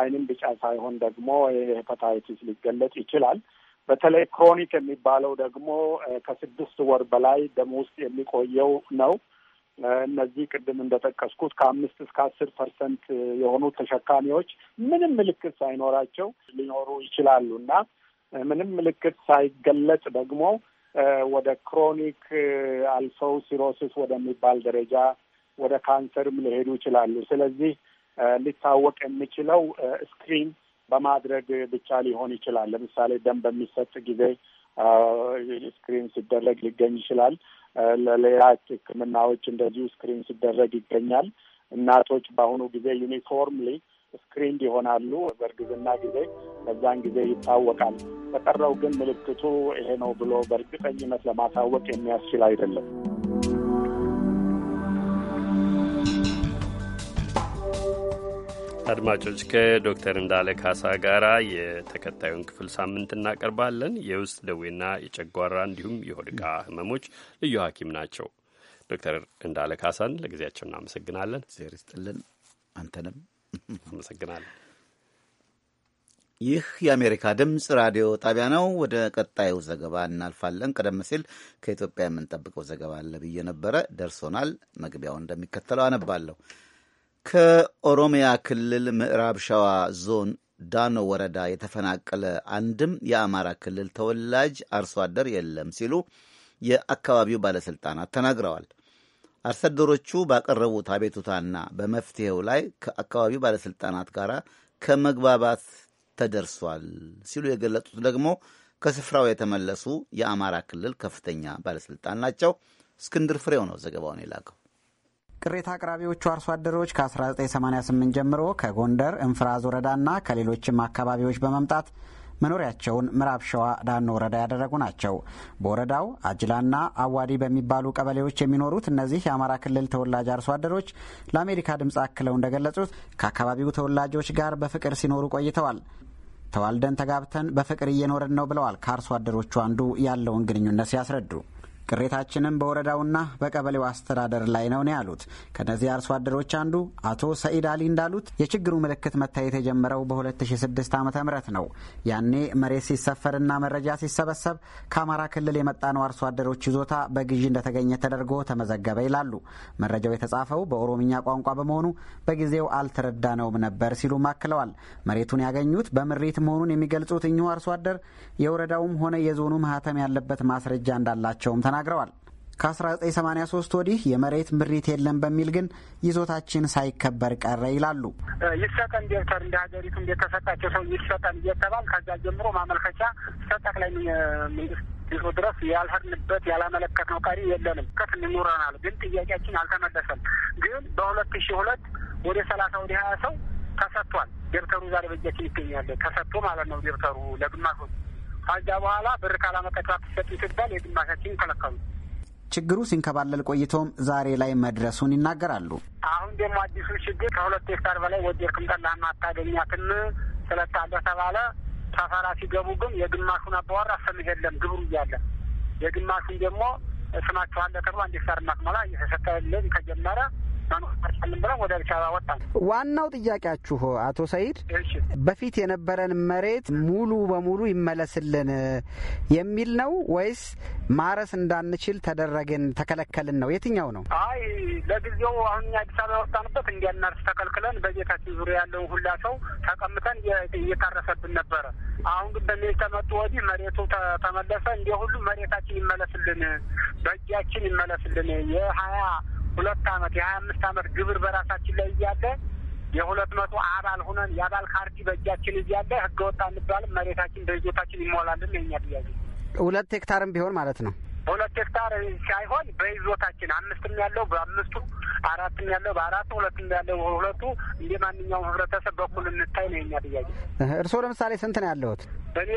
አይንም ቢጫ ሳይሆን ደግሞ የሄፓታይቲስ ሊገለጽ ይችላል። በተለይ ክሮኒክ የሚባለው ደግሞ ከስድስት ወር በላይ ደም ውስጥ የሚቆየው ነው። እነዚህ ቅድም እንደጠቀስኩት ከአምስት እስከ አስር ፐርሰንት የሆኑ ተሸካሚዎች ምንም ምልክት ሳይኖራቸው ሊኖሩ ይችላሉ እና ምንም ምልክት ሳይገለጽ ደግሞ ወደ ክሮኒክ አልፈው ሲሮሲስ ወደሚባል ደረጃ ወደ ካንሰርም ሊሄዱ ይችላሉ። ስለዚህ ሊታወቅ የሚችለው ስክሪን በማድረግ ብቻ ሊሆን ይችላል። ለምሳሌ ደም በሚሰጥ ጊዜ ስክሪን ሲደረግ ሊገኝ ይችላል። ለሌላ ሕክምናዎች እንደዚሁ ስክሪን ሲደረግ ይገኛል። እናቶች በአሁኑ ጊዜ ዩኒፎርምሊ ስክሪን ይሆናሉ በእርግዝና ጊዜ፣ በዛን ጊዜ ይታወቃል። በቀረው ግን ምልክቱ ይሄ ነው ብሎ በእርግጠኝነት ለማሳወቅ የሚያስችል አይደለም። አድማጮች ከዶክተር እንዳለ ካሳ ጋር የተከታዩን ክፍል ሳምንት እናቀርባለን። የውስጥ ደዌና የጨጓራ እንዲሁም የሆድቃ ህመሞች ልዩ ሐኪም ናቸው። ዶክተር እንዳለ ካሳን ለጊዜያቸው እናመሰግናለን። ዜር ይስጥልን። አንተንም አመሰግናለን። ይህ የአሜሪካ ድምፅ ራዲዮ ጣቢያ ነው። ወደ ቀጣዩ ዘገባ እናልፋለን። ቀደም ሲል ከኢትዮጵያ የምንጠብቀው ዘገባ አለ ብዬ ነበረ፣ ደርሶናል። መግቢያው እንደሚከተለው አነባለሁ። ከኦሮሚያ ክልል ምዕራብ ሸዋ ዞን ዳኖ ወረዳ የተፈናቀለ አንድም የአማራ ክልል ተወላጅ አርሶ አደር የለም ሲሉ የአካባቢው ባለሥልጣናት ተናግረዋል። አርሶ አደሮቹ ባቀረቡት አቤቱታና በመፍትሔው ላይ ከአካባቢው ባለሥልጣናት ጋር ከመግባባት ተደርሷል ሲሉ የገለጹት ደግሞ ከስፍራው የተመለሱ የአማራ ክልል ከፍተኛ ባለሥልጣን ናቸው። እስክንድር ፍሬው ነው ዘገባውን የላከው። ቅሬታ አቅራቢዎቹ አርሶ አደሮች ከ1988 ጀምሮ ከጎንደር እንፍራዝ ወረዳና ከሌሎችም አካባቢዎች በመምጣት መኖሪያቸውን ምዕራብ ሸዋ ዳኖ ወረዳ ያደረጉ ናቸው። በወረዳው አጅላና አዋዲ በሚባሉ ቀበሌዎች የሚኖሩት እነዚህ የአማራ ክልል ተወላጅ አርሶ አደሮች ለአሜሪካ ድምፅ አክለው እንደገለጹት ከአካባቢው ተወላጆች ጋር በፍቅር ሲኖሩ ቆይተዋል። ተዋልደን ተጋብተን በፍቅር እየኖርን ነው ብለዋል። ከአርሶ አደሮቹ አንዱ ያለውን ግንኙነት ሲያስረዱ ቅሬታችንም በወረዳውና በቀበሌው አስተዳደር ላይ ነው ነው ያሉት። ከነዚህ አርሶ አደሮች አንዱ አቶ ሰኢድ አሊ እንዳሉት የችግሩ ምልክት መታየት የጀመረው በ2006 ዓ ም ነው። ያኔ መሬት ሲሰፈርና መረጃ ሲሰበሰብ ከአማራ ክልል የመጣ ነው አርሶ አደሮች ይዞታ በግዢ እንደተገኘ ተደርጎ ተመዘገበ ይላሉ። መረጃው የተጻፈው በኦሮምኛ ቋንቋ በመሆኑ በጊዜው አልተረዳነውም ነበር ሲሉ አክለዋል። መሬቱን ያገኙት በምሪት መሆኑን የሚገልጹት እኚሁ አርሶ አደር የወረዳውም ሆነ የዞኑ ማህተም ያለበት ማስረጃ እንዳላቸውም ተናግረዋል። ተናግረዋል። ከ1983 ወዲህ የመሬት ምሪት የለም በሚል ግን ይዞታችን ሳይከበር ቀረ ይላሉ። ይሰጠን ደብተር እንደ ሀገሪቱ እንደተሰጣቸው ሰው ይሰጠን እየተባል ከዛ ጀምሮ ማመልከቻ እስከ ጠቅላይ መንግስት ድረስ ያልሄድንበት ያላመለከት ነው ቀሪ የለንም። ከት እንኖረናል ግን ጥያቄያችን አልተመለሰም። ግን በሁለት ሺ ሁለት ወደ ሰላሳ ወደ ሀያ ሰው ተሰጥቷል። ዴርተሩ ዛሬ በእጃችን ይገኛል። ተሰጥቶ ማለት ነው ዴርተሩ ለግማሾች ከዚያ በኋላ ብር ካላመጣችሁ አትሰጡ ሲባል የግማሻችን ከለከሉ። ችግሩ ሲንከባለል ቆይቶም ዛሬ ላይ መድረሱን ይናገራሉ። አሁን ደግሞ አዲሱ ችግር ከሁለት ሄክታር በላይ ወደድክም ጠላህም አታገኛትም ስለታለ ተባለ። ሰፈራ ሲገቡ ግን የግማሹን አባወራ ስም የለም ግብሩ እያለ የግማሹን ደግሞ ስማችኋለ ተብሎ አንድ ሄክታር ማክመላ እየተሰጠልን ከጀመረ ወደ አዲስ አበባ ዋናው ጥያቄያችሁ አቶ ሰይድ በፊት የነበረን መሬት ሙሉ በሙሉ ይመለስልን የሚል ነው ወይስ ማረስ እንዳንችል ተደረግን ተከለከልን ነው? የትኛው ነው? አይ ለጊዜው አሁን አዲስ አበባ ወጣንበት እንዲያናርስ ተከልክለን በቤታችን ዙሪያ ያለውን ሁላ ሰው ተቀምጠን እየታረሰብን ነበረ። አሁን ግን በሚል ተመጡ ወዲህ መሬቱ ተመለሰ። እንዲ ሁሉ መሬታችን ይመለስልን፣ በእጃችን ይመለስልን የሀያ ሁለት አመት የሀያ አምስት አመት ግብር በራሳችን ላይ እያለ የሁለት መቶ አባል ሁነን የአባል ካርቲ በእጃችን እያለ ህገወጥ አንባልም። መሬታችን በይዞታችን ይሞላልን የኛ ጥያቄ። ሁለት ሄክታርም ቢሆን ማለት ነው። ሁለት ሄክታር ሳይሆን በይዞታችን አምስትም ያለው በአምስቱ አራትም ያለው በአራቱ ሁለትም ያለው ሁለቱ እንደ ማንኛውም ህብረተሰብ በኩል እንታይ ነው የኛ ጥያቄ። እርስዎ ለምሳሌ ስንት ነው ያለሁት? እኔ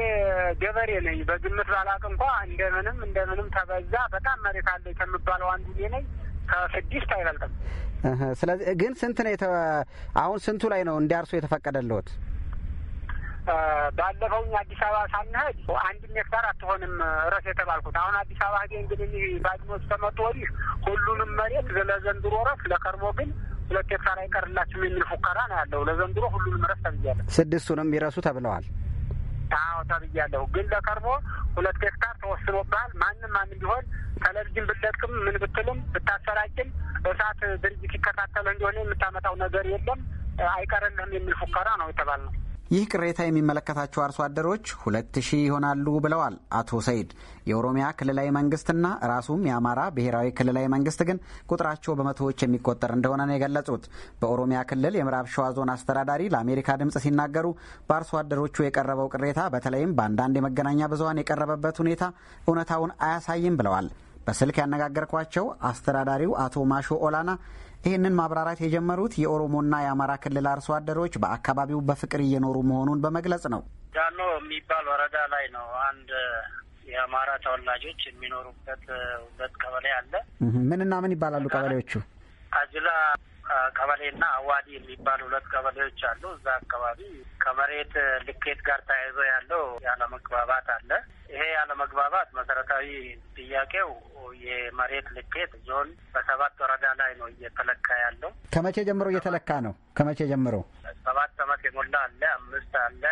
ገበሬ ነኝ። በግምት ባላቅ እንኳ እንደምንም እንደምንም ተበዛ በጣም መሬት አለኝ ከምባለው አንዱ እኔ ነኝ። ከስድስት አይበልጥም። ስለዚህ ግን ስንት ነው የተ አሁን ስንቱ ላይ ነው እንዲያርሱ የተፈቀደልዎት? ባለፈው አዲስ አበባ ሳንሄድ አንድም ሄክታር አትሆንም ረስ የተባልኩት። አሁን አዲስ አበባ ሄደ እንግዲህ ባድኖች ተመጡ ወዲህ ሁሉንም መሬት ለዘንድሮ ረስ፣ ለከርሞ ግን ሁለት ሄክታር አይቀርላችሁም የሚል ፉከራ ነው ያለው። ለዘንድሮ ሁሉንም ረስ ተብያለ። ስድስቱንም ይረሱ ተብለዋል። ብያለሁ። ግን ለቀርቦ ሁለት ሄክታር ተወስኖብሃል። ማንም ማንም ቢሆን ቴሌቪዥን ብትለቅም ምን ብትልም ብታሰራጭም እሳት ድርጅት ይከታተልህ እንደሆነ የምታመጣው ነገር የለም አይቀርልህም የሚል ፉከራ ነው የተባልነው። ይህ ቅሬታ የሚመለከታቸው አርሶ አደሮች ሁለት ሺህ ይሆናሉ ብለዋል አቶ ሰይድ። የኦሮሚያ ክልላዊ መንግስትና ራሱም የአማራ ብሔራዊ ክልላዊ መንግስት ግን ቁጥራቸው በመቶዎች የሚቆጠር እንደሆነ ነው የገለጹት። በኦሮሚያ ክልል የምዕራብ ሸዋ ዞን አስተዳዳሪ ለአሜሪካ ድምፅ ሲናገሩ በአርሶ አደሮቹ የቀረበው ቅሬታ በተለይም በአንዳንድ የመገናኛ ብዙሀን የቀረበበት ሁኔታ እውነታውን አያሳይም ብለዋል። በስልክ ያነጋገርኳቸው አስተዳዳሪው አቶ ማሾ ኦላና ይህንን ማብራራት የጀመሩት የኦሮሞና የአማራ ክልል አርሶ አደሮች በአካባቢው በፍቅር እየኖሩ መሆኑን በመግለጽ ነው። ዳኖ የሚባል ወረዳ ላይ ነው አንድ የአማራ ተወላጆች የሚኖሩበት ሁለት ቀበሌ አለ። ምንና ምን ይባላሉ ቀበሌዎቹ? አጅላ ቀበሌና አዋዲ የሚባሉ ሁለት ቀበሌዎች አሉ። እዛ አካባቢ ከመሬት ልኬት ጋር ተያይዞ ያለው ያለመግባባት አለ። ይሄ ያለመግባባት መሰረታዊ ጥያቄው የመሬት ልኬት ዞን በሰባት ወረዳ ላይ ነው እየተለካ ያለው። ከመቼ ጀምሮ እየተለካ ነው? ከመቼ ጀምሮ? ሰባት አመት የሞላ አለ፣ አምስት አለ፣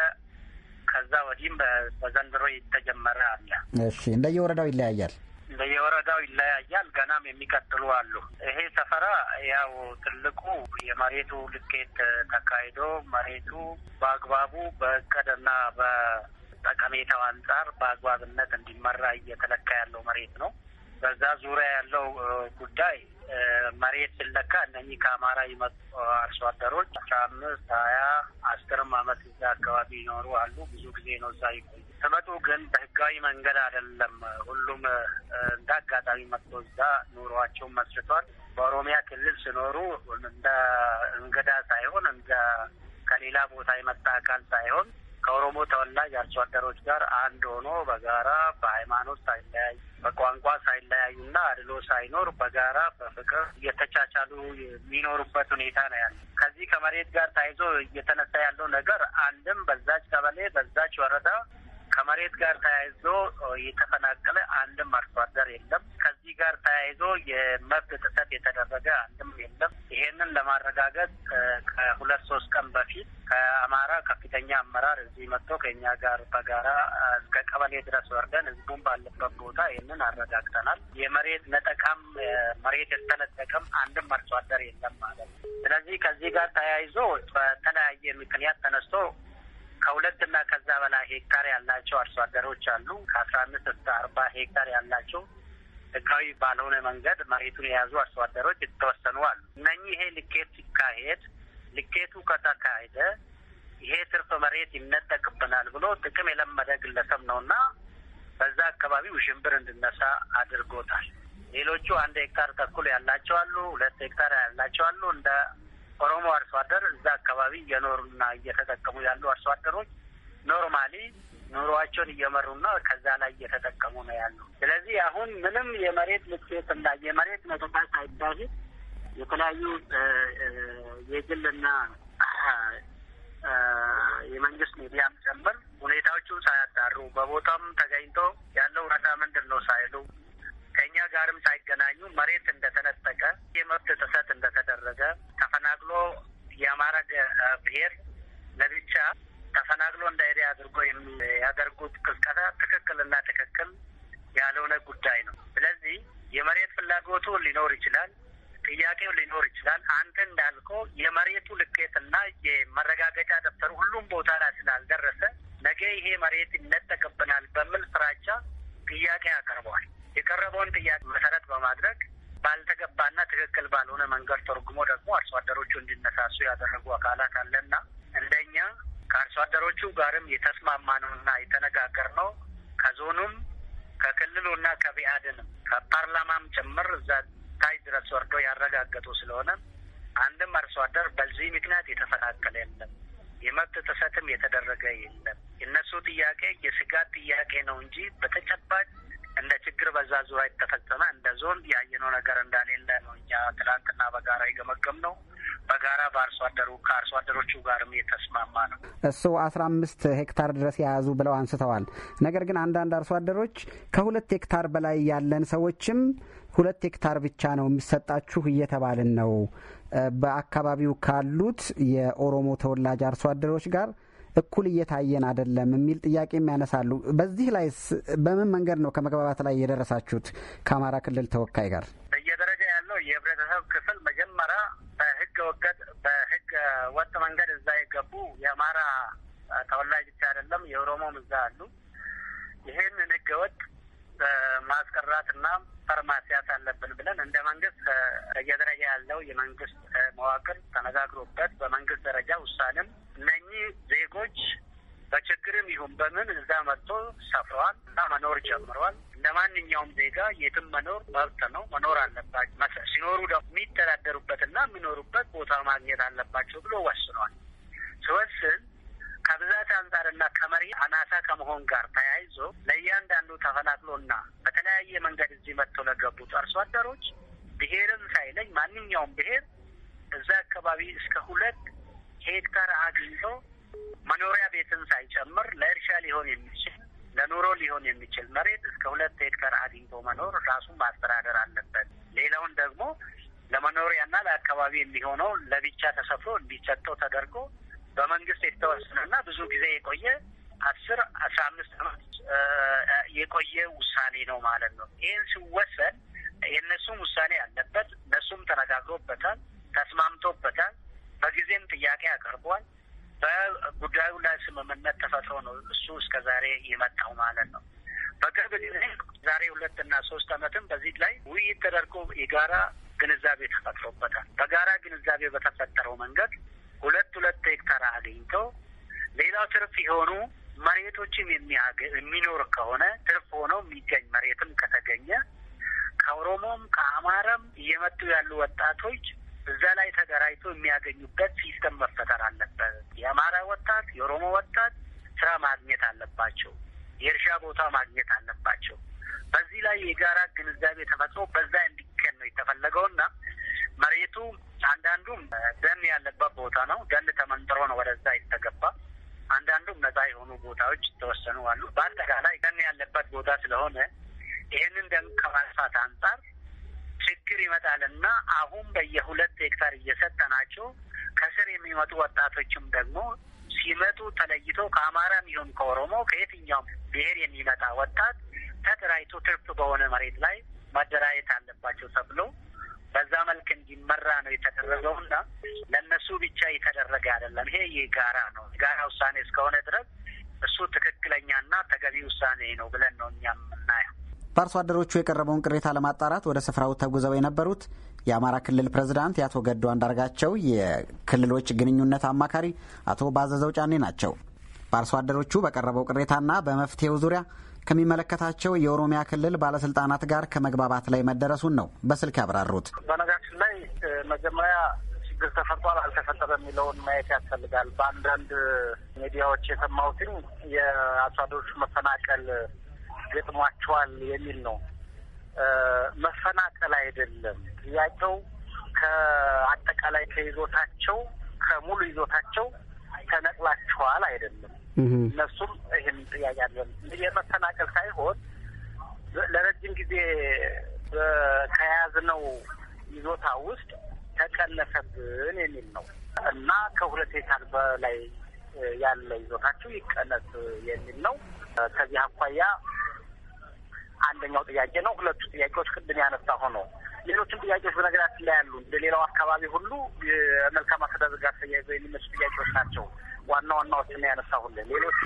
ከዛ ወዲህም በዘንድሮ የተጀመረ አለ። እሺ፣ እንደየወረዳው ይለያያል በየወረዳው ይለያያል። ገናም የሚቀጥሉ አሉ። ይሄ ሰፈራ ያው ትልቁ የመሬቱ ልኬት ተካሂዶ መሬቱ በአግባቡ በእቅድና ጠቀሜታው አንጻር በአግባብነት እንዲመራ እየተለካ ያለው መሬት ነው። በዛ ዙሪያ ያለው ጉዳይ መሬት ሲለካ እነኚህ ከአማራ ይመጡ አርሶ አደሮች አስራ አምስት ሀያ አስርም አመት እዛ አካባቢ ይኖሩ አሉ። ብዙ ጊዜ ነው እዛ ይቆ ስመጡ ግን በህጋዊ መንገድ አይደለም። ሁሉም እንደ አጋጣሚ መጥቶ እዛ ኑሯቸውን መስርቷል። በኦሮሚያ ክልል ሲኖሩ እንደ እንግዳ ሳይሆን እንደ ከሌላ ቦታ የመጣ አካል ሳይሆን ከኦሮሞ ተወላጅ አርሶ አደሮች ጋር አንድ ሆኖ በጋራ በሃይማኖት ሳይለያይ በቋንቋ ሳይለያዩና አድሎ ሳይኖር በጋራ በፍቅር እየተቻቻሉ የሚኖሩበት ሁኔታ ነው ያለ። ከዚህ ከመሬት ጋር ታይዞ እየተነሳ ያለው ነገር አንድም በዛች ቀበሌ በዛች ወረዳ ከመሬት ጋር ተያይዞ የተፈናቀለ አንድም አርሶ አደር የለም። ከዚህ ጋር ተያይዞ የመብት ጥሰት የተደረገ አንድም የለም። ይሄንን ለማረጋገጥ ከሁለት ሶስት ቀን በፊት ከአማራ ከፍተኛ አመራር እዚህ መጥቶ ከኛ ጋር በጋራ እስከ ቀበሌ ድረስ ወርደን ህዝቡን ባለበት ቦታ ይህንን አረጋግጠናል። የመሬት ነጠቃም መሬት የተነጠቀም አንድም አርሶ አደር የለም ማለት ነው። ስለዚህ ከዚህ ጋር ተያይዞ በተለያየ ምክንያት ተነስቶ ከሁለት እና ከዛ በላይ ሄክታር ያላቸው አርሶ አደሮች አሉ። ከአስራ አምስት እስከ አርባ ሄክታር ያላቸው ህጋዊ ባልሆነ መንገድ መሬቱን የያዙ አርሶ አደሮች የተወሰኑ አሉ። እነኚህ ይሄ ልኬት ሲካሄድ ልኬቱ ከተካሄደ ይሄ ትርፍ መሬት ይነጠቅብናል ብሎ ጥቅም የለመደ ግለሰብ ነውና በዛ አካባቢ ውሽንብር እንድነሳ አድርጎታል። ሌሎቹ አንድ ሄክታር ተኩል ያላቸው አሉ፣ ሁለት ሄክታር ያላቸው አሉ እንደ ኦሮሞ አርሶ አደር እዛ አካባቢ እየኖሩና እየተጠቀሙ ያሉ አርሶ አደሮች ኖርማሊ ኑሯቸውን እየመሩና ከዛ ላይ እየተጠቀሙ ነው ያሉ። ስለዚህ አሁን ምንም የመሬት ልኬትና የመሬት መቶታ ሳይባሂት የተለያዩ የግልና የመንግስት ሚዲያም ጨምር ሁኔታዎቹን ሳያጣሩ በቦታም ተገኝቶ ያለው ረዳ ምንድን ነው ሳይሉ ከእኛ ጋርም ሳይገናኙ መሬት እንደተነጠቀ የመብት ጥሰት እንደተደረገ ተፈናቅሎ የአማራ ብሔር ለብቻ ተፈናቅሎ እንዳሄደ አድርጎ ያደርጉት ቅስቀሳ ትክክልና ትክክል ያልሆነ ጉዳይ ነው። ስለዚህ የመሬት ፍላጎቱ ሊኖር ይችላል፣ ጥያቄው ሊኖር ይችላል። አንተ እንዳልከው የመሬቱ ልኬትና የመረጋገጫ ደብተሩ ሁሉም ቦታ ላይ ስላልደረሰ ነገ ይሄ መሬት ይነጠቅብናል በሚል ፍራቻ ጥያቄ ያቀርበዋል። የቀረበውን ጥያቄ መሰረት በማድረግ ባልተገባና ትክክል ባልሆነ መንገድ ተርጉሞ ደግሞ አርሶ አደሮቹ እንዲነሳሱ ያደረጉ አካላት አለና እንደኛ ከአርሶ አደሮቹ ጋርም የተስማማ ነውና የተነጋገር ነው ከዞኑም ከክልሉና ከቢአድንም ከፓርላማም ጭምር እዛ ታይ ድረስ ወርዶ ያረጋገጡ ስለሆነ አንድም አርሶ አደር በዚህ ምክንያት የተፈናቀለ የለም። የመብት ጥሰትም የተደረገ የለም። የእነሱ ጥያቄ የስጋት ጥያቄ ነው እንጂ በተጨባጭ እንደ ችግር በዛ ዙሪያ የተፈጸመ እንደ ዞን ያየነው ነገር እንዳሌለ ነው። እኛ ትላንትና በጋራ የገመገም ነው። በጋራ በአርሶ አደሩ ከአርሶ አደሮቹ ጋርም የተስማማ ነው። እሱ አስራ አምስት ሄክታር ድረስ የያዙ ብለው አንስተዋል። ነገር ግን አንዳንድ አርሶ አደሮች ከሁለት ሄክታር በላይ ያለን ሰዎችም ሁለት ሄክታር ብቻ ነው የሚሰጣችሁ እየተባልን ነው። በአካባቢው ካሉት የኦሮሞ ተወላጅ አርሶ አደሮች ጋር እኩል እየታየን አይደለም የሚል ጥያቄ የሚያነሳሉ። በዚህ ላይ በምን መንገድ ነው ከመግባባት ላይ የደረሳችሁት ከአማራ ክልል ተወካይ ጋር? በየደረጃ ያለው የህብረተሰብ ክፍል መጀመሪያ በህገ ወገድ በህገ ወጥ መንገድ እዛ የገቡ የአማራ ተወላጅ ብቻ አይደለም፣ የኦሮሞም እዛ አሉ። ይህንን ህገ ወጥ ማስቀራትና ፈርማሲያት አለብን ብለን እንደ መንግስት በየደረጃ ያለው የመንግስት መዋቅር ተነጋግሮበት በመንግስት ደረጃ ውሳኔም እነኚህ ዜጎች በችግርም ይሁን በምን እዛ መጥቶ ሰፍረዋል፣ እና መኖር ጀምረዋል። እንደ ማንኛውም ዜጋ የትም መኖር መብት ነው፣ መኖር አለባቸው። ሲኖሩ ደግሞ የሚተዳደሩበትና የሚኖሩበት ቦታ ማግኘት አለባቸው ብሎ ወስኗል። ስወስን ከብዛት አንጻርና ከመሪ አናሳ ከመሆን ጋር ተያይዞ ለእያንዳንዱ ተፈናቅሎና በተለያየ መንገድ እዚህ መጥቶ ለገቡት አርሶ አደሮች ብሔርም ሳይለኝ ማንኛውም ብሔር እዛ አካባቢ እስከ ሁለት ሄክታር አግኝቶ መኖሪያ ቤትን ሳይጨምር ለእርሻ ሊሆን የሚችል ለኑሮ ሊሆን የሚችል መሬት እስከ ሁለት ሄክታር አግኝቶ መኖር ራሱን ማስተዳደር አለበት። ሌላውን ደግሞ ለመኖሪያና ለአካባቢ የሚሆነው ለብቻ ተሰፍሮ እንዲሰጠው ተደርጎ በመንግስት የተወሰነና ብዙ ጊዜ የቆየ አስር አስራ አምስት አመት የቆየ ውሳኔ ነው ማለት ነው። ይህን ሲወሰን የእነሱም ውሳኔ አለበት እነሱም ተነጋግሮበታል፣ ተስማምቶበታል በጊዜም ጥያቄ አቅርቧል። በጉዳዩ ላይ ስምምነት ተፈጥሮ ነው እሱ እስከ ዛሬ የመጣው ማለት ነው። በቅርብ ጊዜ ዛሬ ሁለት እና ሶስት ዓመትም በዚህ ላይ ውይይት ተደርጎ የጋራ ግንዛቤ ተፈጥሮበታል። በጋራ ግንዛቤ በተፈጠረው መንገድ ሁለት ሁለት ሄክታር አግኝቶ ሌላው ትርፍ የሆኑ መሬቶችም የሚኖር ከሆነ ትርፍ ሆነው የሚገኝ መሬትም ከተገኘ ከኦሮሞም ከአማራም እየመጡ ያሉ ወጣቶች እዛ ላይ ተደራጅቶ የሚያገኙበት ሲስተም መፈጠር አለበት። የአማራ ወጣት፣ የኦሮሞ ወጣት ስራ ማግኘት አለባቸው። የእርሻ ቦታ ማግኘት አለባቸው። በዚህ ላይ የጋራ ግንዛቤ ተፈጥሮ በዛ እንዲከን ነው እና መሬቱ አንዳንዱም ደን ያለበት ቦታ ነው። ደን ተመንጥሮ ነው ወደዛ የተገባ። አንዳንዱም ነጻ የሆኑ ቦታዎች የተወሰኑ አሉ። በአጠቃላይ ደን ያለበት ቦታ ስለሆነ ይህንን ደን ከማጥፋት አንጻር ችግር ይመጣልና አሁን በየሁለት ሄክታር እየሰጠ ናቸው ከስር የሚመጡ ወጣቶችም ደግሞ ሲመጡ ተለይቶ ከአማራም ይሁን ከኦሮሞ ከየትኛውም ብሔር የሚመጣ ወጣት ተደራጅቶ ትርፍ በሆነ መሬት ላይ መደራጀት አለባቸው ተብሎ በዛ መልክ እንዲመራ ነው የተደረገውና ለእነሱ ብቻ የተደረገ አይደለም። ይሄ የጋራ ነው። የጋራ ውሳኔ እስከሆነ ድረስ እሱ ትክክለኛና ተገቢ ውሳኔ ነው ብለን ነው እኛ የምናየው። በአርሶ አደሮቹ የቀረበውን ቅሬታ ለማጣራት ወደ ስፍራው ተጉዘው የነበሩት የአማራ ክልል ፕሬዝዳንት የአቶ ገዱ አንዳርጋቸው የክልሎች ግንኙነት አማካሪ አቶ ባዘዘው ጫኔ ናቸው። በአርሶ አደሮቹ በቀረበው ቅሬታና በመፍትሄው ዙሪያ ከሚመለከታቸው የኦሮሚያ ክልል ባለስልጣናት ጋር ከመግባባት ላይ መደረሱን ነው በስልክ ያብራሩት። በነገራችን ላይ መጀመሪያ ችግር ተፈጥሯል አልተፈጠረ የሚለውን ማየት ያስፈልጋል። በአንዳንድ ሚዲያዎች የሰማሁትኝ የአርሶ አደሮቹ መፈናቀል ገጥሟቸዋል የሚል ነው። መፈናቀል አይደለም ጥያቄው ከአጠቃላይ ከይዞታቸው ከሙሉ ይዞታቸው ተነቅላቸዋል አይደለም። እነሱም ይህን ጥያቄ አለን የመፈናቀል ሳይሆን ለረጅም ጊዜ ከያዝነው ይዞታ ውስጥ ተቀነሰብን የሚል ነው እና ከሁለት ሄክታር በላይ ያለ ይዞታችሁ ይቀነስ የሚል ነው። ከዚህ አኳያ አንደኛው ጥያቄ ነው። ሁለቱ ጥያቄዎች ቅድም ያነሳ ሆኖ ሌሎችም ጥያቄዎች በነገራችን ላይ ያሉ እንደ ሌላው አካባቢ ሁሉ የመልካም አስተዳደር ጋር ተያይዘ የሚነሱ ጥያቄዎች ናቸው። ዋና ዋናዎች ነው ያነሳ ሁለ ሌሎቹ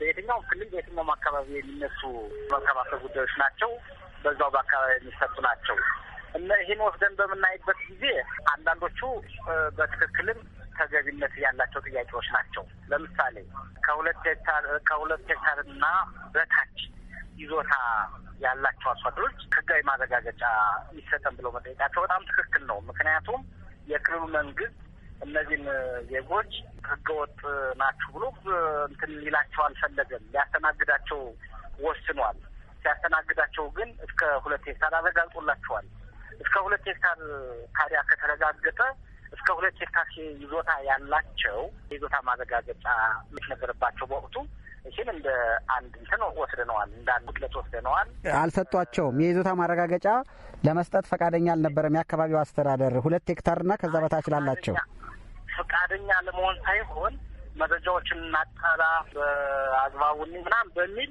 በየትኛውም ክልል በየትኛውም አካባቢ የሚነሱ መልካም አስተዳደር ጉዳዮች ናቸው። በዛው በአካባቢ የሚሰጡ ናቸው። እነ ይህን ወስደን በምናይበት ጊዜ አንዳንዶቹ በትክክልም ተገቢነት ያላቸው ጥያቄዎች ናቸው። ለምሳሌ ከሁለት ሄክታር ከሁለት ሄክታርና በታች ይዞታ ያላቸው አርሶ አደሮች ህጋዊ ማረጋገጫ ይሰጠን ብለው መጠየቃቸው በጣም ትክክል ነው። ምክንያቱም የክልሉ መንግስት እነዚህን ዜጎች ህገወጥ ናችሁ ብሎ እንትን ሊላቸው አልፈለገም። ሊያስተናግዳቸው ወስኗል። ሲያስተናግዳቸው ግን እስከ ሁለት ሄክታር አረጋግጦላቸዋል። እስከ ሁለት ሄክታር ታዲያ ከተረጋገጠ እስከ ሁለት ሄክታር ይዞታ ያላቸው የይዞታ ማረጋገጫ ነበረባቸው በወቅቱ ይህን እንደ አንድ እንትን ወስደነዋል፣ እንደ አንድ ግለት ወስደነዋል። አልሰጧቸውም። የይዞታ ማረጋገጫ ለመስጠት ፈቃደኛ አልነበረም የአካባቢው አስተዳደር። ሁለት ሄክታርና ከዛ በታች ላላቸው ፈቃደኛ ለመሆን ሳይሆን መረጃዎችን እናጣራ በአግባቡኒ ምናምን በሚል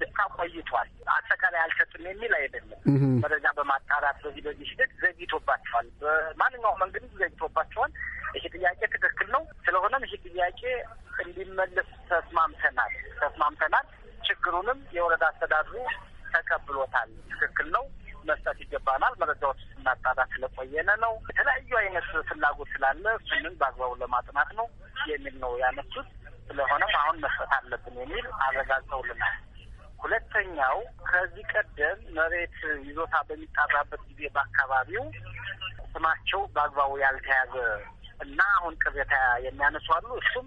ብቻ ቆይቷል። አጠቃላይ አልሰጥም የሚል አይደለም። መረጃ በማጣራት በዚህ በዚህ ሂደት ዘግቶባቸዋል። በማንኛውም መንገድ ዘግቶባቸዋል። ይሄ ጥያቄ ትክክል ነው። ስለሆነም ይሄ ጥያቄ እንዲመለስ ተስማምተናል ተስማምተናል። ችግሩንም የወረዳ አስተዳድሩ ተቀብሎታል። ትክክል ነው መስጠት ይገባናል። መረጃዎች ስናጣራ ስለቆየነ ነው። የተለያዩ አይነት ፍላጎት ስላለ እሱንም በአግባቡ ለማጥናት ነው የሚል ነው ያነሱት። ስለሆነም አሁን መስጠት አለብን የሚል አረጋግጠውልናል። ሁለተኛው ከዚህ ቀደም መሬት ይዞታ በሚጣራበት ጊዜ በአካባቢው ስማቸው በአግባቡ ያልተያዘ እና አሁን ቅሬታ የሚያነሱ አሉ። እሱም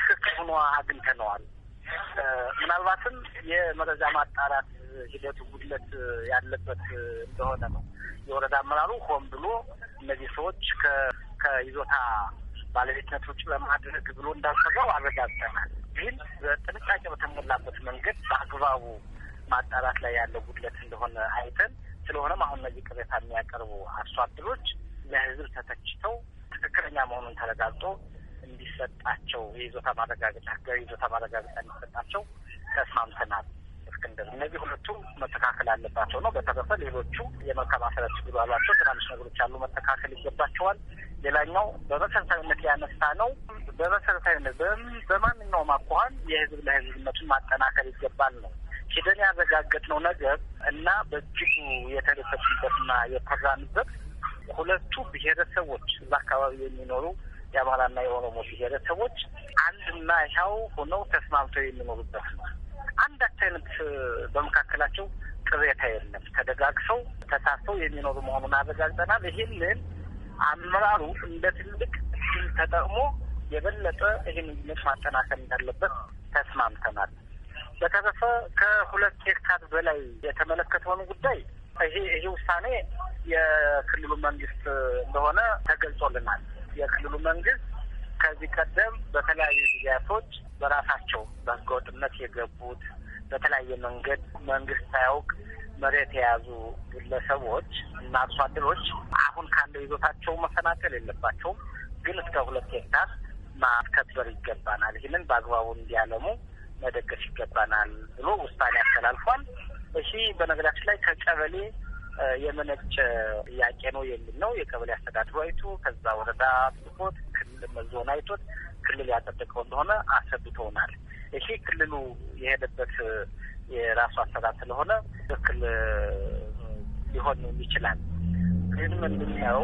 ትክክል ሆኖ አግኝተነዋል። ምናልባትም የመረጃ ማጣራት ሂደቱ ጉድለት ያለበት እንደሆነ ነው። የወረዳ አመራሩ ሆን ብሎ እነዚህ ሰዎች ከይዞታ ባለቤትነት ውጭ ለማድረግ ብሎ እንዳሰበው አረጋግጠናል። ግን በጥንቃቄ በተሞላበት መንገድ በአግባቡ ማጣራት ላይ ያለው ጉድለት እንደሆነ አይተን ስለሆነም አሁን እነዚህ ቅሬታ የሚያቀርቡ አርሶ አደሮች ለህዝብ ተተችተው ትክክለኛ መሆኑን ተረጋግጦ እንዲሰጣቸው የይዞታ ማረጋገጫ ህጋዊ ይዞታ ማረጋገጫ እንዲሰጣቸው ተስማምተናል። እስክንድር እነዚህ ሁለቱ መተካከል አለባቸው ነው። በተረፈ ሌሎቹ የመከባከላት ችግር ትናንሽ ነገሮች አሉ፣ መተካከል ይገባቸዋል። ሌላኛው በመሰረታዊነት ያነሳ ነው። በመሰረታዊነት በማንኛውም አኳኋን የህዝብ ለህዝብነቱን ማጠናከር ይገባል ነው ሂደን ያረጋገጥነው ነገር እና በእጅጉ የተደሰትንበትና የኮራንበት ሁለቱ ብሔረሰቦች እዛ አካባቢ የሚኖሩ የአማራና የኦሮሞ ብሔረሰቦች አንድና ይኸው ሆነው ተስማምተው የሚኖሩበት ነው። አንዳች አይነት በመካከላቸው ቅሬታ የለም። ተደጋግፈው ተሳስተው የሚኖሩ መሆኑን አረጋግጠናል። ይህንን አመራሩ እንደ ትልቅ ድል ተጠቅሞ የበለጠ ይህን ግንኙነት ማጠናከር እንዳለበት ተስማምተናል። በተረፈ ከሁለት ሄክታር በላይ የተመለከተውን ጉዳይ ይሄ ይሄ ውሳኔ የክልሉ መንግስት እንደሆነ ተገልጾልናል። የክልሉ መንግስት ከዚህ ቀደም በተለያዩ ጊዜያቶች በራሳቸው በህገወጥነት የገቡት በተለያየ መንገድ መንግስት ሳያውቅ መሬት የያዙ ግለሰቦች እና አርሶ አደሮች አሁን ካለው ይዞታቸው መፈናቀል የለባቸውም፣ ግን እስከ ሁለት ሄክታር ማስከበር ይገባናል፣ ይህንን በአግባቡ እንዲያለሙ መደገፍ ይገባናል ብሎ ውሳኔ ያስተላልፏል። እሺ፣ በነገራችን ላይ ከቀበሌ የመነጨ ጥያቄ ነው የሚል ነው የቀበሌ አስተዳድሯይቱ ከዛ ወረዳ ትኮት ዞን አይቶት ክልል ያጸደቀው እንደሆነ አሰብተውናል። እሺ ክልሉ የሄደበት የራሱ አሰራር ስለሆነ ትክክል ሊሆን ይችላል። ግን ምንድን ነው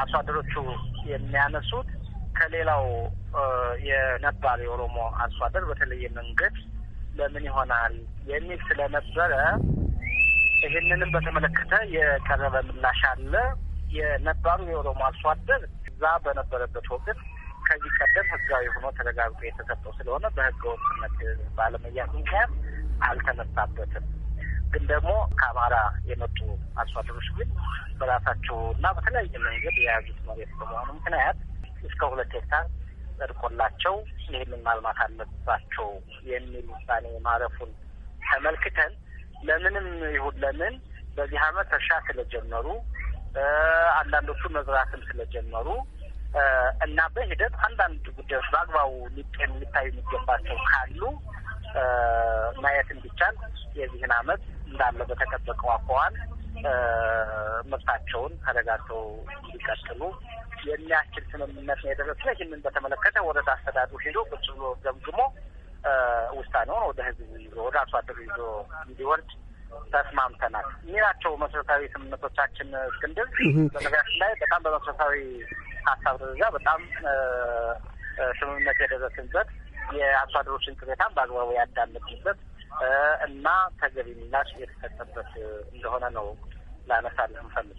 አርሶ አደሮቹ የሚያነሱት ከሌላው የነባር የኦሮሞ አርሶ አደር በተለየ መንገድ ለምን ይሆናል የሚል ስለነበረ ይህንንም በተመለከተ የቀረበ ምላሽ አለ። የነባሩ የኦሮሞ አርሶ አደር በዛ በነበረበት ወቅት ከዚህ ቀደም ህጋዊ ሆኖ ተረጋግጦ የተሰጠው ስለሆነ በህገ ወጥነት ባለመያዝ ምክንያት አልተነሳበትም። ግን ደግሞ ከአማራ የመጡ አርሶ አደሮች ግን በራሳቸው እና በተለያየ መንገድ የያዙት መሬት በመሆኑ ምክንያት እስከ ሁለት ሄክታር ጸድቆላቸው ይህንን ማልማት አለባቸው የሚል ውሳኔ ማረፉን ተመልክተን ለምንም ይሁን ለምን በዚህ አመት እርሻ ስለጀመሩ አንዳንዶቹ መዝራትም ስለጀመሩ እና በሂደት አንዳንድ ጉዳዮች በአግባቡ የሚታዩ የሚገባቸው ካሉ ማየት እንዲቻል የዚህን ዓመት እንዳለ በተጠበቀው አኳኋን መብታቸውን ተረጋግተው እንዲቀጥሉ የሚያስችል ስምምነት ነው የደረስነው። ይህንን በተመለከተ ወረዳ አስተዳድሩ ሄዶ ቁጭ ብሎ ገምግሞ ውሳኔውን ወደ ህዝብ ይዞ ወደ አርሶ አደሩ ይዞ እንዲወርድ ተስማምተናል። እኒ ናቸው መሰረታዊ ስምምነቶቻችን። እስክንድር በነገራችን ላይ በጣም በመሰረታዊ ሀሳብ ደረጃ በጣም ስምምነት የደረስንበት የአርሶ አደሮችን ቅሬታን በአግባቡ ያዳመጥንበት እና ተገቢ ምላሽ የተሰጠበት እንደሆነ ነው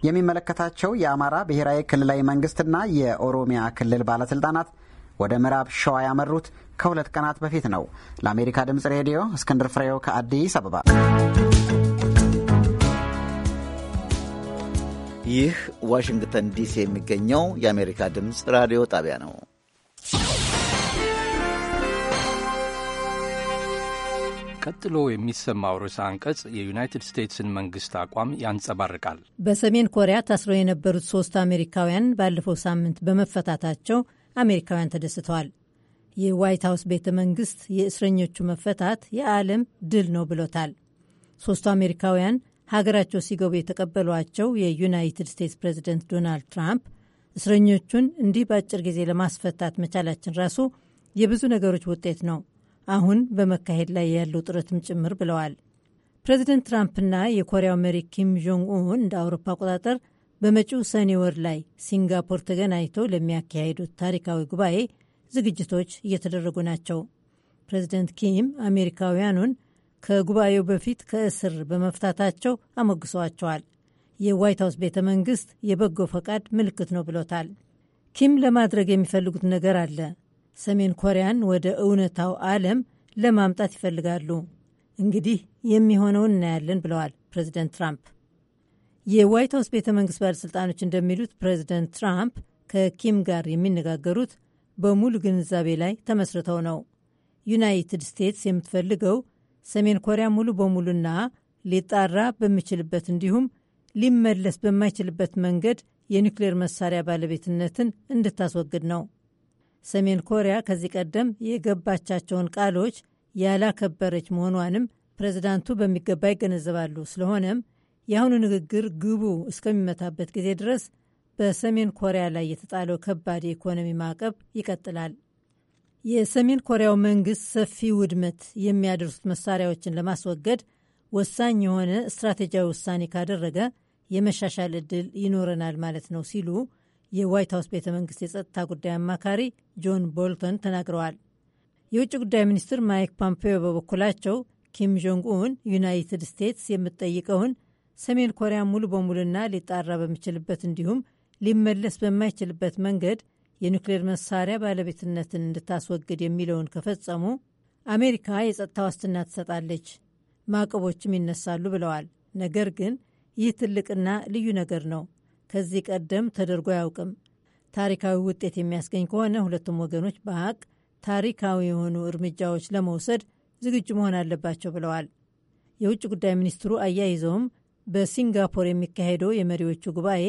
የሚመለከታቸው የአማራ ብሔራዊ ክልላዊ መንግስትና የኦሮሚያ ክልል ባለስልጣናት ወደ ምዕራብ ሸዋ ያመሩት ከሁለት ቀናት በፊት ነው። ለአሜሪካ ድምጽ ሬዲዮ እስክንድር ፍሬው ከአዲስ አበባ ይህ ዋሽንግተን ዲሲ የሚገኘው የአሜሪካ ድምፅ ራዲዮ ጣቢያ ነው። ቀጥሎ የሚሰማው ርዕሰ አንቀጽ የዩናይትድ ስቴትስን መንግስት አቋም ያንጸባርቃል። በሰሜን ኮሪያ ታስረው የነበሩት ሶስት አሜሪካውያን ባለፈው ሳምንት በመፈታታቸው አሜሪካውያን ተደስተዋል። የዋይት ሀውስ ቤተ መንግስት የእስረኞቹ መፈታት የዓለም ድል ነው ብሎታል። ሶስቱ አሜሪካውያን ሀገራቸው ሲገቡ የተቀበሏቸው የዩናይትድ ስቴትስ ፕሬዚደንት ዶናልድ ትራምፕ እስረኞቹን እንዲህ በአጭር ጊዜ ለማስፈታት መቻላችን ራሱ የብዙ ነገሮች ውጤት ነው፣ አሁን በመካሄድ ላይ ያለው ጥረትም ጭምር ብለዋል። ፕሬዚደንት ትራምፕና የኮሪያው መሪ ኪም ጆንግ ኡን እንደ አውሮፓ አቆጣጠር በመጪው ሰኔ ወር ላይ ሲንጋፖር ተገናኝተው ለሚያካሄዱት ታሪካዊ ጉባኤ ዝግጅቶች እየተደረጉ ናቸው። ፕሬዚደንት ኪም አሜሪካውያኑን ከጉባኤው በፊት ከእስር በመፍታታቸው አሞግሰዋቸዋል። የዋይት ሀውስ ቤተ መንግስት የበጎ ፈቃድ ምልክት ነው ብሎታል። ኪም ለማድረግ የሚፈልጉት ነገር አለ። ሰሜን ኮሪያን ወደ እውነታው ዓለም ለማምጣት ይፈልጋሉ። እንግዲህ የሚሆነውን እናያለን ብለዋል ፕሬዚደንት ትራምፕ። የዋይት ሀውስ ቤተ መንግስት ባለሥልጣኖች እንደሚሉት ፕሬዚደንት ትራምፕ ከኪም ጋር የሚነጋገሩት በሙሉ ግንዛቤ ላይ ተመስርተው ነው። ዩናይትድ ስቴትስ የምትፈልገው ሰሜን ኮሪያ ሙሉ በሙሉና ሊጣራ በሚችልበት እንዲሁም ሊመለስ በማይችልበት መንገድ የኒውክሌር መሳሪያ ባለቤትነትን እንድታስወግድ ነው። ሰሜን ኮሪያ ከዚህ ቀደም የገባቻቸውን ቃሎች ያላከበረች መሆኗንም ፕሬዚዳንቱ በሚገባ ይገነዘባሉ። ስለሆነም የአሁኑ ንግግር ግቡ እስከሚመታበት ጊዜ ድረስ በሰሜን ኮሪያ ላይ የተጣለው ከባድ የኢኮኖሚ ማዕቀብ ይቀጥላል። የሰሜን ኮሪያው መንግስት ሰፊ ውድመት የሚያደርሱት መሳሪያዎችን ለማስወገድ ወሳኝ የሆነ ስትራቴጂያዊ ውሳኔ ካደረገ የመሻሻል ዕድል ይኖረናል ማለት ነው ሲሉ የዋይት ሀውስ ቤተ መንግስት የጸጥታ ጉዳይ አማካሪ ጆን ቦልተን ተናግረዋል። የውጭ ጉዳይ ሚኒስትር ማይክ ፖምፔዮ በበኩላቸው ኪም ጆንግ ኡን ዩናይትድ ስቴትስ የምትጠይቀውን ሰሜን ኮሪያ ሙሉ በሙሉና ሊጣራ በሚችልበት እንዲሁም ሊመለስ በማይችልበት መንገድ የኒውክሌር መሳሪያ ባለቤትነትን እንድታስወግድ የሚለውን ከፈጸሙ አሜሪካ የጸጥታ ዋስትና ትሰጣለች፣ ማዕቀቦችም ይነሳሉ ብለዋል። ነገር ግን ይህ ትልቅና ልዩ ነገር ነው። ከዚህ ቀደም ተደርጎ አያውቅም። ታሪካዊ ውጤት የሚያስገኝ ከሆነ ሁለቱም ወገኖች በሀቅ ታሪካዊ የሆኑ እርምጃዎች ለመውሰድ ዝግጁ መሆን አለባቸው ብለዋል። የውጭ ጉዳይ ሚኒስትሩ አያይዘውም በሲንጋፖር የሚካሄደው የመሪዎቹ ጉባኤ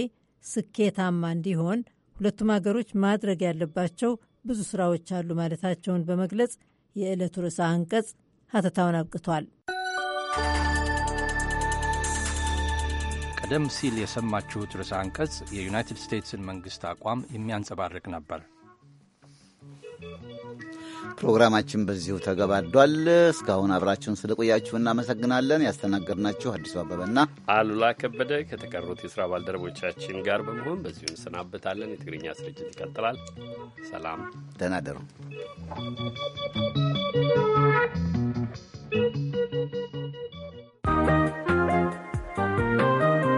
ስኬታማ እንዲሆን ሁለቱም ሀገሮች ማድረግ ያለባቸው ብዙ ስራዎች አሉ ማለታቸውን በመግለጽ የዕለቱ ርዕሰ አንቀጽ ሀተታውን አብቅቷል። ቀደም ሲል የሰማችሁት ርዕሰ አንቀጽ የዩናይትድ ስቴትስን መንግሥት አቋም የሚያንጸባርቅ ነበር። ፕሮግራማችን በዚሁ ተገባዷል። እስካሁን አብራችሁን ስለቆያችሁ እናመሰግናለን። ያስተናገድናችሁ አዲሱ አበበና አሉላ ከበደ ከተቀሩት የስራ ባልደረቦቻችን ጋር በመሆን በዚሁ እንሰናበታለን። የትግርኛ ስርጭት ይቀጥላል። ሰላም፣ ደህና ደሩ።